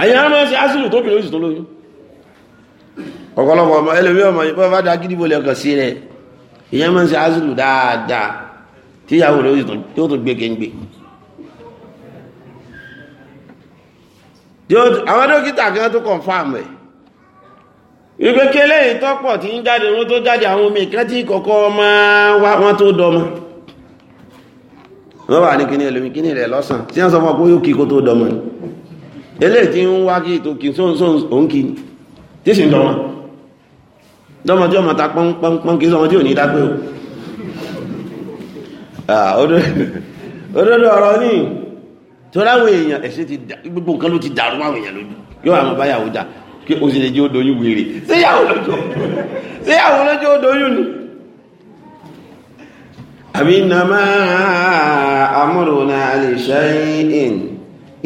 àyè á máa ṣe àṣìlù tó bìnrin oṣù tó lóyún ọ̀pọ̀lọpọ̀ ọmọ ẹlẹ́mí ọmọ yìí bá da gidi bọ́ọ̀lù ẹ̀kọ́ sí rẹ̀ ìyẹn máa ń ṣe àṣìlù dáadáa tíyàwó rẹ̀ yóò tún gbé kéńgbé àwọn dókítà ìgbé kélé ìtọ́pọ̀ tí ń jáde irun tó jáde àwọn omi ìkan tí kọ̀kọ́ máa wá wọn tó dọmọ wọ́n wà ní kíní ẹlòmí kíní rẹ̀ lọ́sàn tí wọ́n sọ fún ọkọ̀ yóò kí kó tó dọmọ eléyìí tí ń wá kí tó kí sóhun òun kí tí sì ń pé o sì lè jẹ́ odòyún wèrè síyàwó lọ́jọ́ síyàwó lọ́jọ́ odòyún ni àbí nàmá amúrùnà àlìṣẹ́yìn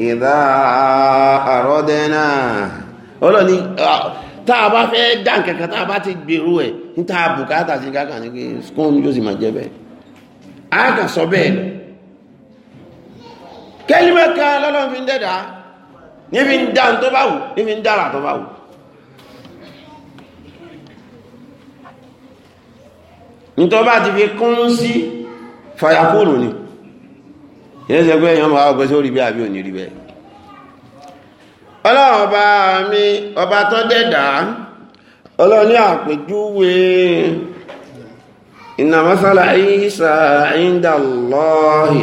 ìdá àrọ́dẹ́nà ọlọ́ni tá a bá fẹ́ dá nǹkankan tá a bá ti gbèrú ẹ̀ ní tá a bùkátà sí kákan ní pé yóò sì máa jẹ́ bẹ́ẹ̀ a kà sọ bẹ́ẹ̀ kẹ́límẹ́ka lọ́lọ́run fi ń dẹ́dàá níbi ń dá tó bá wù níbi ń dára tó bá wù nítorí bá ti fi kún sí fàyàkóòrò ni yẹn ṣe pé èèyàn máa gbé sórí bí àbí òní rí bẹ́ẹ̀ ọlọ́run ọba mi ọba tó dẹ̀dá ọlọ́run ní àpèjúwe inna masala Isa inda Allahi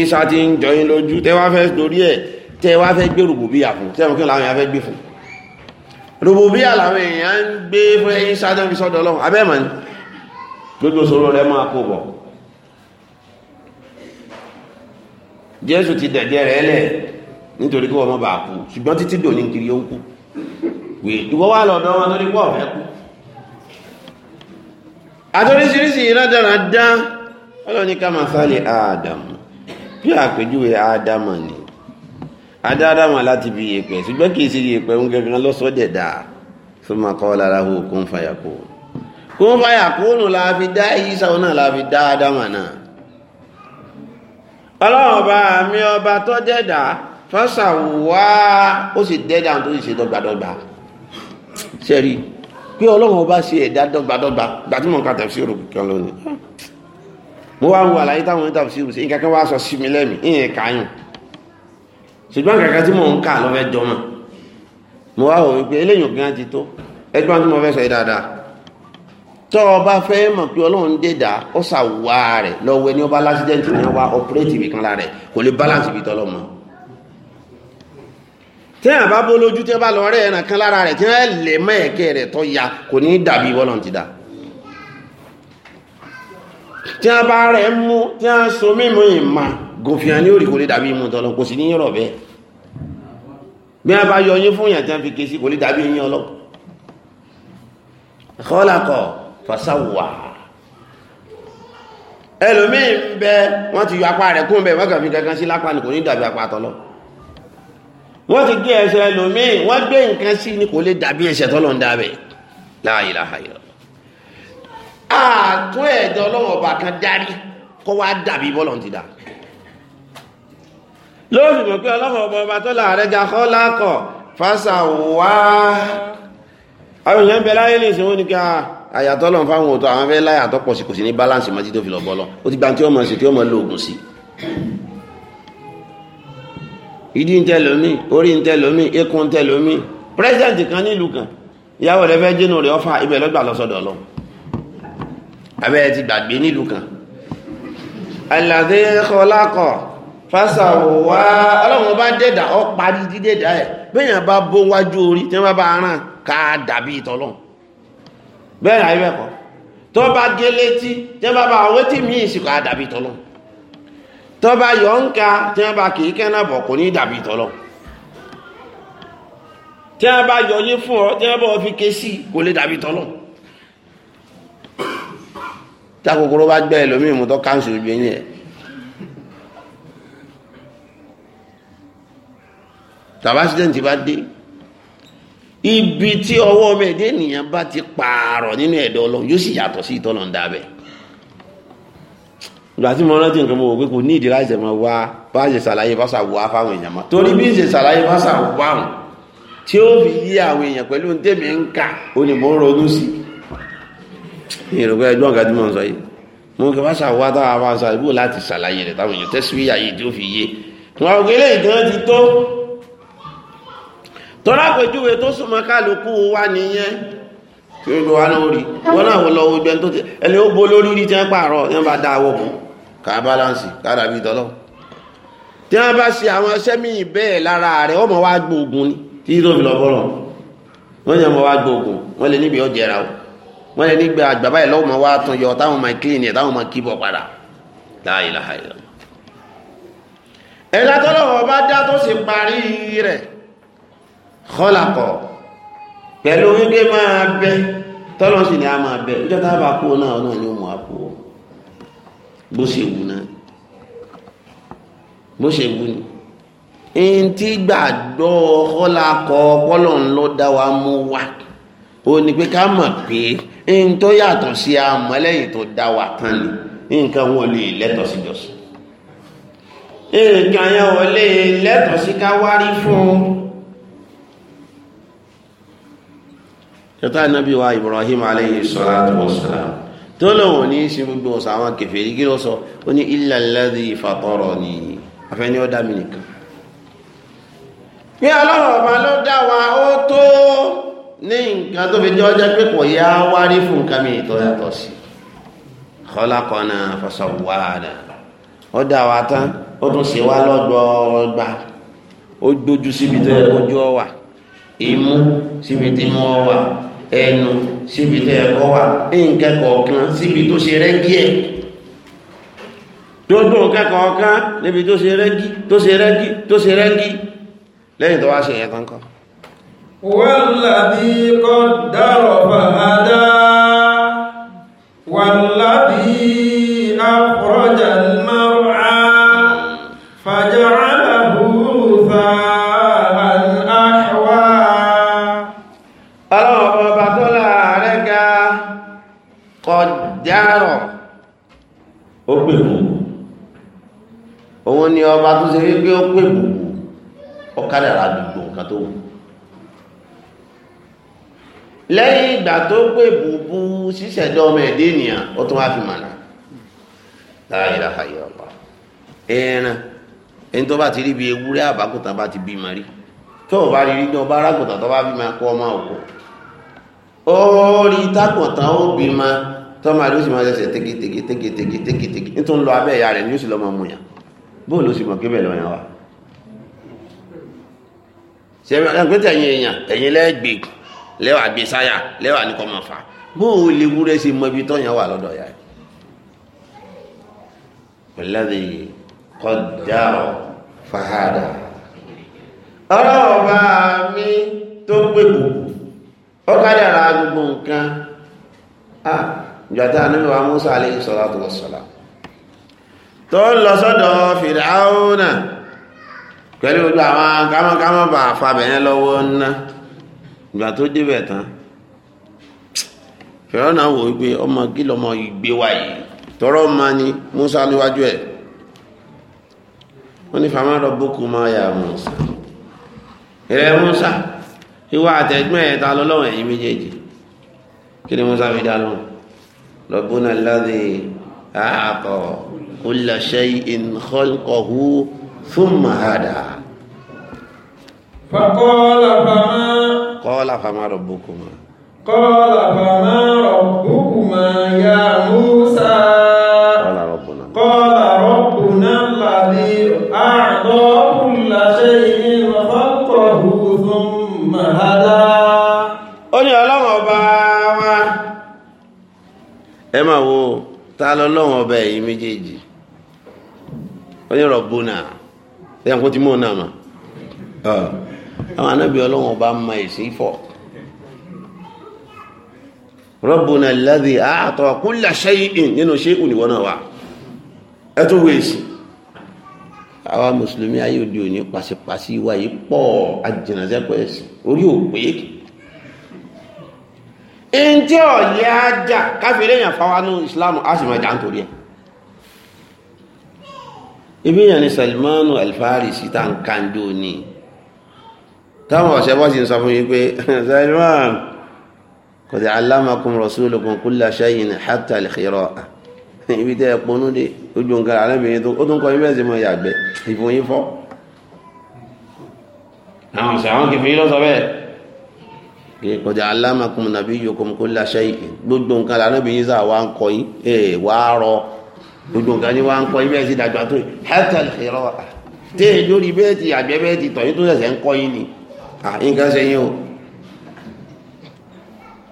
Isa ti ń jọyín lójú tẹ́wàá fẹ́ torí ẹ̀ tẹ́ wá fẹ́ gbé rùbùbíyà fún tẹ́wọ̀n kí làwọn èèyàn fẹ́ gbé fún rùbùbíyà làwọn èèyàn ń gbé fún ẹyin sáájọ́ fi sọ́dọ̀ ọlọ́run abẹ́mọ̀ ni gbogbo sọ̀rọ̀ rẹ máa kó bọ̀ jésù ti dẹ̀jẹ̀ rẹ̀ lẹ̀ nítorí kí wọ́n mọ̀ bá kú ṣùgbọ́n títí dò ní kiri ó ń kú wè ìwọ́ wà lọ́dọ̀ wọn lórí pọ̀ fẹ́ kú àtọ́ríṣiríṣi iná dára dá ọlọ́ni ká máa sálẹ̀ ádámù bí àpèjúwe ádámù ni adáraàmà láti fi yèpẹ̀ ṣùgbọ́n kìí ṣe yèpẹ̀ ń gẹ̀gẹ̀ lọ́sọ́dẹ̀ dáa tó máa kọ́ lára hù kún fàyàkó kún fàyàkó nù la fi dá ìyíṣà òun náà la fi dá adámà náà ọlọ́run ọba mi ọba tó dẹ́dà fọ́sà wá ó sì dẹ́dà tó sì ṣe dọ́gbadọ́gba sẹ́rí pé ọlọ́run ọba ṣe ẹ̀dá dọ́gbadọ́gba gbajúmọ̀ nǹkan tẹ̀sí òrò kankan lónìí mo wá ń wo àlàyé táwọn tẹ̀sí òrò sí nǹkan kan wá sọ sí mi lẹ́mìí ìyẹn kàáyùn ṣùgbọ́n kankan tí mò ń kà lọ́fẹ́ jọmọ̀ mo wá wò wípé eléyìí ògán ti tó ẹgbọ́n tí fẹ́ sọ tọ́ fẹ́ mọ̀ pé ọlọ́run dèdà ó rẹ̀ lọ́wọ́ ẹni ọba lásìdẹ́ǹtì ní wa ọ̀pẹ́rẹ́tì kan lára rẹ̀ kò lè balance ibi bó lójú bá lọ rẹ̀ kan lára rẹ̀ ya kò ní dàbí gòfìàn ní òrì kò lè dàbí imú tọ́lọ kò sí ní yọ̀rọ̀ bẹ́ẹ̀ bí wọ́n bá yọ yín fún yàn tí wọ́n fi ké sí kò lè dàbí yín ọlọ́ kọ́lákọ̀ fàṣàwà ẹlòmíì ń bẹ wọ́n ti yọ apá rẹ̀ kún bẹ́ẹ̀ wọ́n kàn fi kankan sí lápá ni kò ní dàbí apá tọ́lọ wọ́n ti gé ẹsẹ̀ ẹlòmíì wọ́n gbé nǹkan sí ni kò lè dàbí ẹsẹ̀ tọ́lọ dàbí bọ́lọ̀ ti dà lóòsì mọ̀ pé ọlọ́run ọba ọba tó láàrẹ ga kọ́ lákọ̀ fásà wá àwọn èèyàn bẹ láyé lè ṣe wọ́n ní kí àyàtọ̀ lọ́n fáwọn òtò àwọn fẹ́ láyàtọ̀ pọ̀ sí kò sí balance mọ́ tí tó fi lọ bọ́ lọ ó ti gba tí ó mọ̀ sí tí ó mọ̀ lóògùn sí ìdí ń tẹ́lómi orí ń tẹ́lómi ikùn ń tẹ́lómi president kan nílùú kan ìyàwó rẹ̀ fẹ́ jẹ́nu rẹ̀ ọfà ibẹ̀ lọ́gbà abẹ́ ti gbàgbé nílùú kan alladhi khalaqa fásà wá ọlọ́run bá dẹ̀dà ọ parí dídẹ̀dà ẹ̀ bẹ́yàn bá bó wájú orí tí wọ́n bá ràn ká dàbí ìtọ́lọ́run bẹ́ẹ̀ láyé bẹ́ẹ̀ kọ́ tó bá gé létí tí wọ́n bá wé tí mí ìsìnkú á dàbí ìtọ́lọ́run tó bá yọ ń ka tí wọ́n bá kì í kẹ́ náà bọ̀ kò ní dàbí ìtọ́lọ́run tí wọ́n bá yọ yín fún ọ tí wọ́n bá fi ké sí kò lè dàbí ìtọ́lọ́run tí akòkòrò bá gbẹ́ ẹlòmíì mú tó káńsì ojú ẹ̀ tàbí accident bá dé ibi tí ọwọ́ ọmọ ẹ̀dẹ́ ènìyàn bá ti pààrọ̀ nínú ẹ̀dọ́ ọlọ́run yóò sì yàtọ̀ sí ìtọ́nà ń dábẹ́ ìgbà tí mo rántí nǹkan mo wò pé kò ní ìdí láti ṣẹ̀mọ̀ wá bá ṣe ṣàlàyé bá ṣàwò á fáwọn èèyàn mọ́ torí bí ṣe ṣàlàyé bá ṣàwò fáwọn tí ó fi yí àwọn èèyàn pẹ̀lú tèmi ń kà ó ní mo ń ronú sí i ìrò pé ẹgbọ́n kan tí mo ń sọ yìí mo kẹ́ bá ṣàwò táwọn afáwọn sọ ìbò láti ṣàlàyé rẹ̀ táwọn èèyàn tẹ́sí wíyà yìí tí ó fi yé wọn àwọn eléyìí gan ti tó tọ́lá àpèjúwe tó súnmọ́ kálukú wá nìyẹn tí ó lọ wá lórí wọ́n náà wọ́n lọ ojú tó ti ẹni ó bó lórí rí tí wọ́n pààrọ̀ ní wọ́n bá dá àwọ̀ mú ká báláǹsì kára bí tọ́lọ́ tí wọ́n bá ṣe àwọn iṣẹ́ míì bẹ́ẹ̀ lára rẹ̀ wọ́n mọ̀ wá gbóògùn tí tó fi lọ wọ́n yẹn mọ̀ wá gbóògùn wọ́n lè níbi o kọ́làkọ̀ pẹ̀lú wípé máa bẹ tọ́lọ́n sì ni a máa bẹ níjọ́ tábà kú náà náà ni ó mọ̀ àpò bó ṣe wù náà bó ṣe wù ni in ti gbàgbọ́ kọ́làkọ̀ pọ́lọ̀ ń lọ dá wa mú wa ó ní pé ká mọ̀ pé in tó yàtọ̀ sí àmọ́ lẹ́yìn tó dá wa tán ni nǹkan wọn lè lẹ́tọ̀ sí jọ̀sùn nǹkan yẹn wọlé lẹ́tọ̀ sí ká wárí fún un yọtá ànábì wa Ibrahim aleyhi salatu wa salam tó lóun ní sí gbogbo ọ̀sán àwọn kèfèrí kí ló sọ ó ní illa alladhi fatarani àfẹ́ni ọ̀dà mi nìkan pé ọlọ́run ọba ló tó ní nǹkan tó fi jẹ́ ọjọ́ pé kò yá wárí fún nǹkan mi tó yàtọ̀ sí khalaqana fasawwana ó dá tán ó tún ṣe wá lọ́gbọ̀ọ́gba ó gbójú síbi tó yẹ kójú imú síbi tí mú ọ ẹnu síbi tẹ́ ẹ̀kọ́ wà nǹkan kọ̀ọ̀kan síbi tó ṣe rẹ́gí ẹ̀ gbogbo nǹkan kọ̀ọ̀kan níbi tó ṣe rẹ́gí tó ṣe rẹ́gí tó ṣe rẹ́gí lẹ́yìn tó wá ṣe ẹ̀yẹ tán wọ́n làbí kọ́ dárọ̀ fàádá wọ́n pè bùbù òun ni ọba tó ṣe wípé ó pè bùbù bụ ara gbogbo nǹkan tó wù lẹ́yìn ìgbà tó pè bùbù ṣíṣẹ̀dọ́ ọmọ ẹ̀dẹ́ ènìyàn ó tún wá fi mànà láàyè láfàyè ọ̀pá ẹran ẹni tó bí ewúrẹ́ àbákùtà bá ti tó o bá rí rí ọba arákùtà tó bá tọ́mà ló sì máa ṣẹ̀ṣẹ̀ tegitegi tegitegi tegitegi nítorí lọ abẹ́ ìyá rẹ̀ ni ó lọ́mọ mu yàn bóòlù ó sì mọ̀ kébẹ̀ lọ́yàn wa ṣẹ̀rọ ẹgbẹ́tẹ̀ ẹ̀yìn èèyàn ẹ̀yìn lẹ́gbẹ̀ẹ́ lẹ́wà gbé sáyà lẹ́wà ní kọ́mọ fà bóòlù lè wúrẹ́ sí mọ ibi tọ́yàn wà lọ́dọ̀ ìyá rẹ̀ pẹ̀lẹ́dì kọjáọ̀ fàhádà ọlọ́ọ̀bá mi tó gbé kùkù ọkadà gbogbo nǹkan ah, ìjọta ànábì wa Musa alayhi salatu wassalam tó ń lọ sọ́dọ̀ Fir'auna pẹ̀lú ojú àwọn kámọ́kámọ́ bá fàbẹ̀yẹn lọ́wọ́ ńná ìgbà tó débẹ̀ tán Fir'auna wò wípé ọmọ kí lọmọ ìgbé wa yìí tọrọ ma ni Musa níwájú ẹ̀ wọ́n ní fama rabbukuma ya Musa ìrẹ́ Musa ìwà àtẹ̀gbọ́n ẹ̀ta lọ́lọ́wọ̀ ẹ̀yìn méjèèjì kí ni Musa fi dá lóhùn ربنا الذي أعطى كل شيء خلقه ثم هدى فقال فما قال فما ربكما قال فما ربكما يا موسى قال ربنا قال ربنا الذي أعطى كل شيء خلقه ẹ máa wo ta lọ́lọ́run ọba ẹ̀yin méjèèjì wọ́n ní rọ̀bùnà ẹ̀yàn kó ti mú ọ̀nà mà ah. àwọn anábì ọlọ́run ọba máa èsì fọ́ rọ̀bùnà alladhi a'ta kulla shay'in nínú ṣéyìn ìwọ náà wà ẹ tún wo èsì àwa mùsùlùmí ayé òde òní pàṣípàṣí wáyé pọ̀ àjìnàṣẹ́pọ̀ orí òpè ǹjẹ́ ọ̀yẹ́ ajá káfílẹ̀ èèyàn fáwa ní Islam a sì máa jà ń torí ẹ̀ ibi èèyàn ni Salmanu Al-Farisi tá ń kánjó ní táwọn ọ̀sẹ̀ bọ́ sì ń sọ fún yí pé Salman qad allamakum rasulukum kulla shay'in hatta al-qira'ah ibi tẹ́ ẹ dé ojú nǹkan alábìnrin tó ó tún kọ́ ibẹ̀ sí mọ ìyàgbẹ́ ìfòyín fọ́ àwọn ọ̀sẹ̀ àwọn kìfì lọ́sọ bẹ́ẹ̀ kọjá alámakùn nàbí yòókùn kó láṣẹ gbogbo nǹkan lànà bí yín sáà wá ń kọ yín ẹ wá rọ gbogbo nǹkan ni wá ń kọ yín bẹ́ẹ̀ sì dàgbà tó yìí hẹ́tẹ̀lì xèrọ tẹ́ ẹ lórí bẹ́ẹ̀ ti àgbẹ̀ bẹ́ẹ̀ ti tọ̀ yín tó ṣẹ̀ṣẹ̀ ń kọ yín ni nǹkan ṣe yín o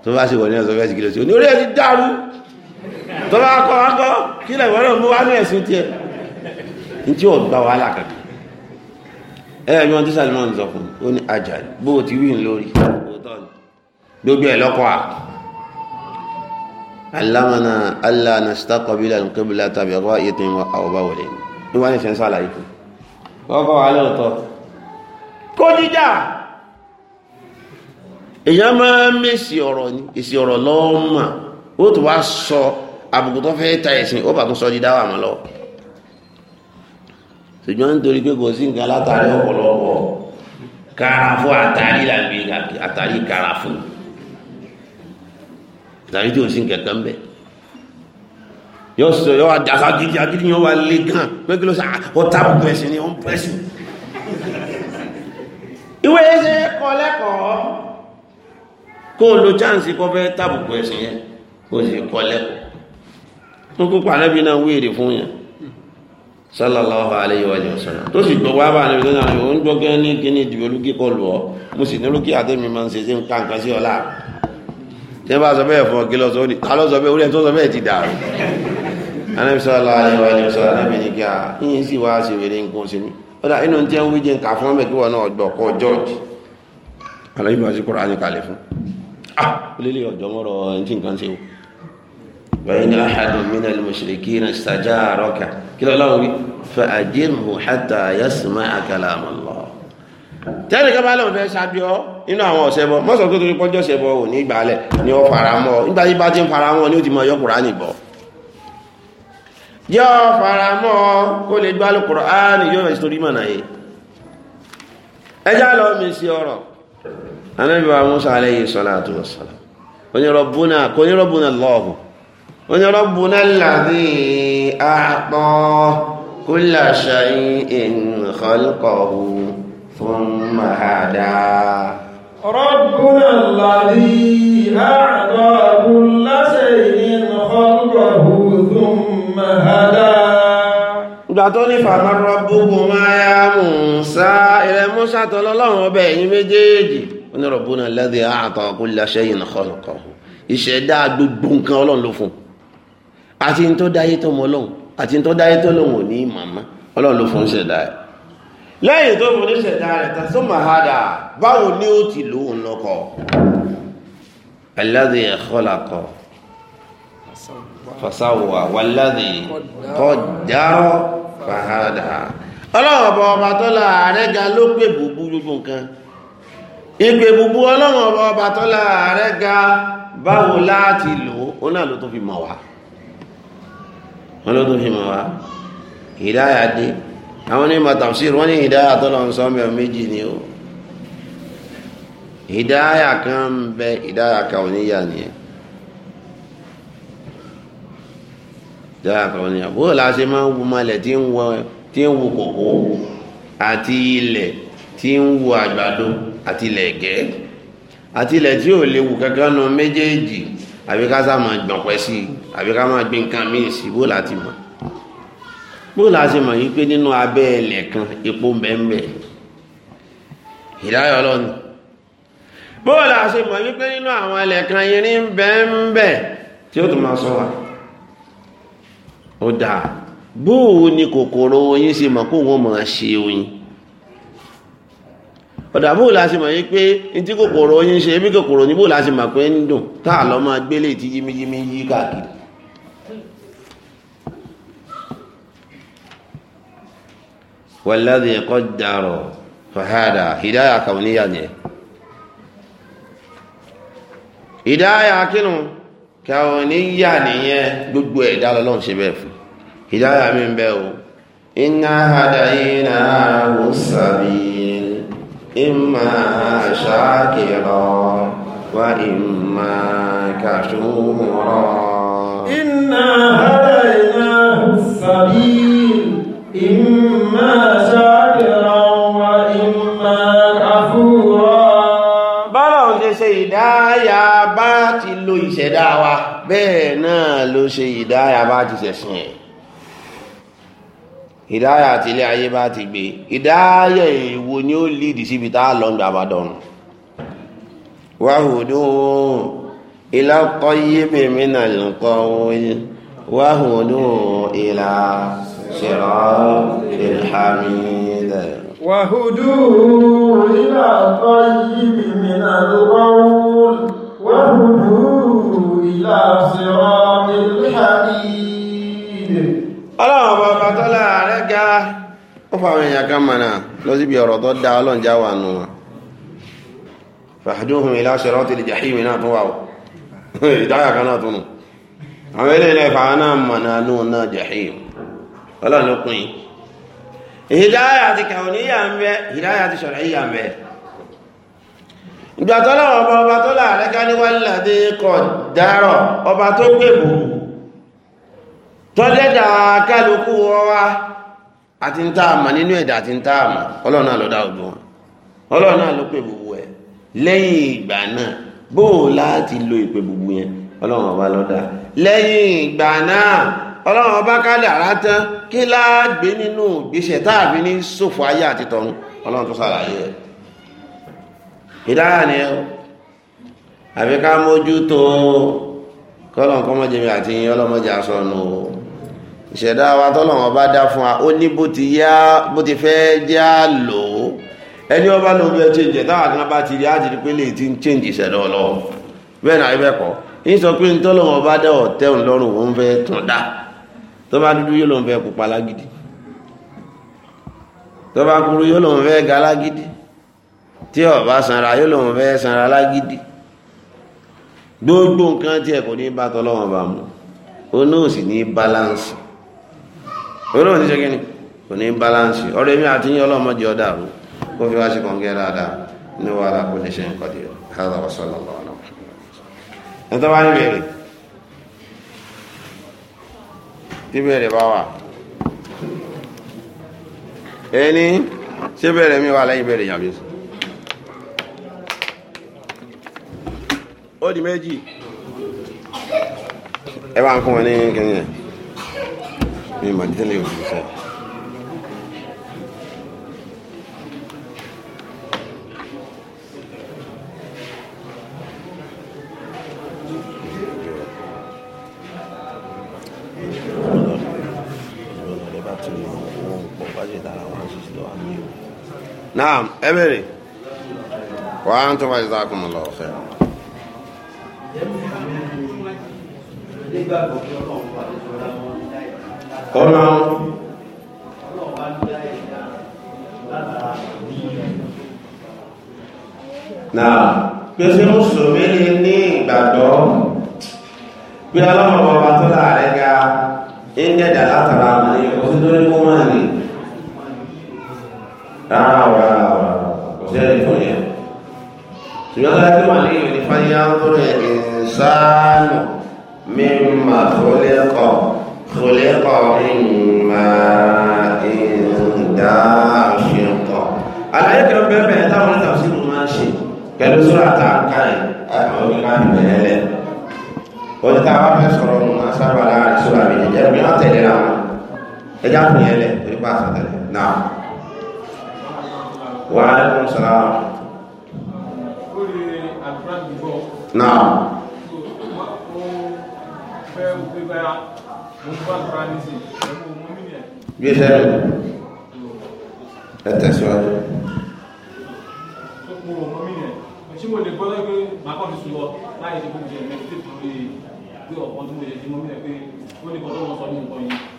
tó bá ṣe wọ̀ ní ọ̀sán fẹ́ẹ́ sì kí ló ṣe oní orí ẹ̀ ti dàrú tó bá kọ́ wá kọ́ kí lè wọ́n náà mú wá ní ẹ̀ gbogbo ẹ̀ lọ́kọ̀ à alámànà alánàṣítà kọbílà nkébìlà tàbí ọkọ̀ ètò ìwọ̀n àwọ̀bá wọlé ní wọ́n ní ṣe ń sàlàyé fún ọkọ̀ wà lóòótọ́ kó jíjà èyàn máa ń mèsì ọ̀rọ̀ ni èsì ọ̀rọ̀ lọ́ọ́mà ó tó wá sọ àbùkù tó fẹ́ ta ẹ̀sìn ó bà tó sọ di dáwà mọ́ lọ ṣùgbọ́n nítorí pé kò sí nǹkan látàrí ọ̀pọ̀lọpọ̀ kàràfù àtàrí làbí àtàrí kàràfù ni tàbí tí o sì ń kẹ̀kẹ́ ń bẹ̀ yóò sọ yóò àdàkà gidi agidi yóò wà lé gan pé kí ló sọ ọ̀tá bẹ̀sì ni wọ́n bẹ̀sì. ìwé ṣe kọ lẹ́kọ̀ọ́ kó o lo chance kó fẹ́ tàbùkù ẹ̀sìn yẹn kó o sì kọ lẹ́kọ̀ọ́ wọn kó pa náà wéèrè fún yẹn sallallahu alayhi wa sallam tó sì gbọ́ wá bá anábì náà yóò ń gbọ́ gẹ́ ní kíní ìdìbò olùkí kọlù ọ mo sì ní olùkí àtẹ́mi máa ń ṣe ṣe ń ká nǹkan sí ọ tí wọ́n bá sọ bẹ́ẹ̀ fún ọ kí lọ sọ ní ta lọ sọ bẹ́ẹ̀ orí ẹ̀ tó sọ bẹ́ẹ̀ ti dàrú anabi sọlá aláwọ ẹni sọlá anabi ní kí a yín sì wá sí wèrè nǹkan sí mi ó dà inú tí wọ́n wí jẹ́ nǹkan fún ọmọ ìkíwọ̀ náà ọjọ́ kọ́ jọ́ọ̀jì aláyé bá sí kúrò àníkàlẹ̀ fún ah olélé ọjọ́ mọ́rọ̀ ẹni tí nǹkan ṣe o bẹ́ẹ̀ ni ahadun mina al-mushrikina istajaraka kí lọ́la wí fa ajirhu hatta yasma'a kalam Allah tẹ́lẹ̀ kí wọ́n bá lọ́wọ́ fẹ́ ṣàbíọ́ nínú àwọn ọ̀sẹ̀bọ mọ́sàn tó torí pọ́jọ́ ṣẹbọ ò ní ìgbàlẹ̀ ni ó fara mọ́ nígbà tí bá ti ń fara mọ́ ni ó ti mọ ọyọ́ Kùránì bọ̀ yọ́ fara mọ́ kó lè gbá ló Kùránì yóò rẹ̀ sítorí mọ̀nà yìí ẹjá lọ mi sí ọ̀rọ̀ Ànábì Musa alayhi salatu wassalam onírọ̀bùnà kò onírọ̀bùnà alladhi a'ta kulla shay'in khalqahu thumma hada ربنا الذي أعطى كل شيء خلقه ثم هدى ìgbàtọ́ ní fàmà rọ́bùkù máa yá Mùsá ilẹ̀ Mùsá tọ́lọ́lọ́wọ́ ọbẹ̀ yìí méjèèjì ní rọ̀bùnà lẹ́dí àtọ̀ kulla shay'in khalaqahu ìṣẹ̀dá gbogbo nǹkan ọlọ́run ló fún àti ń tó dáyé tó mọ́ ọlọ́run àti ń tó dáyé tó lòun ò ní màmá ọlọ́run ló fún ìṣẹ̀dá ẹ̀ lẹ́yìn tó mọ̀ ní ṣẹ̀dá rẹ̀ tàṣó mahada báwo ni ó ti lò ó lọ́kọ̀ alladhi khalaqa fasawwa walladhi qaddara fahada ọlọ́run ọba ọba tó láàárẹ̀ ga ló pè bùbú gbogbo nǹkan ìpè bùbú ọlọ́run ọba tó láàárẹ̀ ga báwo láti lò ó àwọn ní ma tafsir wọ́n ní ìdáyà tó lọ sọ mẹ́rin méjì ni ó ìdáyà kan ń bẹ ìdáyà kan oníyà nìyẹn ìdáyà kan oníyà bó láti máa ń wu malẹ̀ tí ń wọ tí ń wu kòkó àti ilẹ̀ tí ń wu àgbàdo àti ilẹ̀ ẹ̀gẹ́ àti ilẹ̀ tí ò léwu kankan nu méjèèjì àbí ká sá máa gbọ̀npẹ́ sí àbí ká máa gbé nǹkan míì sí bó láti mọ̀ bó láti mọ̀ yí pé nínú abẹ́ ẹlẹ̀ kan epo mẹ́mẹ́ ìdáyọ̀ ọlọ́ni bó láti mọ̀ yí pé nínú àwọn ẹlẹ̀ kan irin bẹ́ẹ̀mbẹ̀ tí ó tún máa sọ wà ó dáa bóò ni kòkòrò oyin ṣe mọ̀ kó wọ́n mọ̀ ṣe oyin ọ̀dà bóò láti mọ̀ yí pé ní tí kòkòrò oyin ṣe bí kòkòrò ní bóò láti mọ̀ pé ń dùn táà lọ́ máa gbélé tí yímiyími yí káàkiri والذي قدر فهذا هداية كونية دي هداية كنو كونية نية gbogbo ẹ̀dá lọ́lọ́run ṣe bẹ́ẹ̀ fún hidaya mi ń bẹ o inna hadayina as-sabil imma shakira wa imma kashura inna hadayina as-sabil imma bẹ́ẹ̀ náà ló ṣe ìdáyà bá ti ṣẹ̀sìn ẹ̀ ìdáyà àti ilé ayé bá ti gbé ìdáyà èwo ni ó lìdì síbi tá a lọ ń gbà bá dọ̀run wàhùdú ilá kọ́yé bèmí ọlọ́run ọba ọba tọ́lá rẹ̀ ga ó fàwọn èèyàn kan mọ̀nà lọ síbi ọ̀rọ̀ tó dá ọlọ́njá wà nù wọn fàájúhùn ila siratil jahim náà tún wà ó ìdáyà kan náà tún nù àwọn ilé ilẹ̀ fàá náà mọ̀nà nù náà jahim ọlọ́run ló pin ìdáyà ti kàwé níyà ń bẹ ìdáyà ti shar'iyya ń bẹ ìgbàtọ́lá ọba ọba tó láàrẹ́ká ní wálàdé kọ̀ dárọ̀ ọba tó gbèbò tọ́jẹ́dà kálukú ọwá àti ń táàmà nínú ẹ̀dà àti ń táàmà ọlọ́run náà ló dá ojú wọn ọlọ́run náà ló pè bùbù ẹ̀ lẹ́yìn ìgbà náà bóò láti ọba kádàrá tán kí láàgbé nínú ìgbésẹ̀ táàbí ní ṣòfò ayé àti tọ̀run ọlọ́run tó ṣàlàyé ẹ̀ ìdára ni àfi ká mójú tó àti yín ọlọ́mọjà sọnù o ìṣẹ̀dá wa tọ́lọ̀wọ́ bá dá fún wa ó ní bó ti yá bó ẹni ọba ẹ táwọn bá ti rí àti pé lè ti ń change ìṣẹ̀dá ọlọ bẹ́ẹ̀ náà sọ pé bá dá òun tún dá tó bá dúdú yóò lòun pupa tí ọba sanra yóò lòun fẹ́ sanra lágídí gbogbo nǹkan tí ẹ kò ní bá tọ́lọ́wọ́n bá mu ó náà sì ní báláǹsì ó náà ní ṣe kíni kò ní báláǹsì ọ̀rọ̀ èmi àti yín ọlọ́mọdé ọ̀dà rú kó fi wá sí kọ̀ǹgẹ́ dáadáa ní wàhálà kò ní ṣe nǹkan dì hàdà wà sọ́lá lọ́wọ́ ẹ̀ tó bá ní bèrè tí bèrè bá wà ẹni ṣé bèrè mi wà lẹ́yìn bèrè yàgbé sọ ó di méjì ẹ bá ń fún wọn ní kẹyìn mi mà tẹ́lẹ̀ òfin sẹ́yìn. نعم امري وانتم جزاكم الله خيرا ọ̀nà náà pèsè mùsùlùmí ni ní ìgbàgbọ́ pé ọlọ́mọ bàbá tó láàrin ga ń dẹ̀dà látara àmàlẹ́ ìkọ́sí lórí خلق خلق من ماء دافق àlàyé kan bẹ́ẹ̀ bẹ́ẹ̀ táwọn ẹ̀dá òsì mú máa ń ṣe pẹ̀lú sọ́rọ̀ àtàkàn àwọn ìlànà ìbẹ̀rẹ̀ lẹ̀ wọ́n ti táwọn fẹ́ sọ̀rọ̀ nù máa sábà láàrin sọ́rọ̀ àmì ìjẹ́ mi wọ́n tẹ̀lé ra wọn ẹja fún yẹn lẹ̀ torí bá àtàtàlẹ̀ náà wàhálà kún sọ̀rọ̀ náà gbé sẹ́nu ẹ tẹ̀síwájú.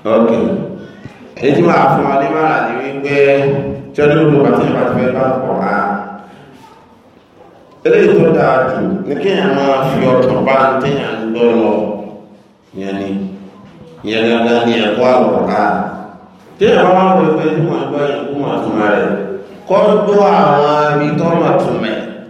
ok èyí tí màá fún wa ní mara ni wípé tí ọdún olùkọ́ tí ìbá ti fẹ́ bá pọ̀ á eléyìí tó dáa jù ní kéèyàn máa fi ọkàn bá ń téèyàn ń ìyẹn ni ìyẹn gangan ni ẹ̀kọ́ àlùkùrá tí ẹ̀ bá wà pẹ̀lú ẹni mọ̀ ẹgbẹ́ ẹ̀kú mọ̀ àtúmọ̀ rẹ̀ kọ́ gbọ́ àwọn ibi tó mọ̀ àtúmọ̀ ẹ̀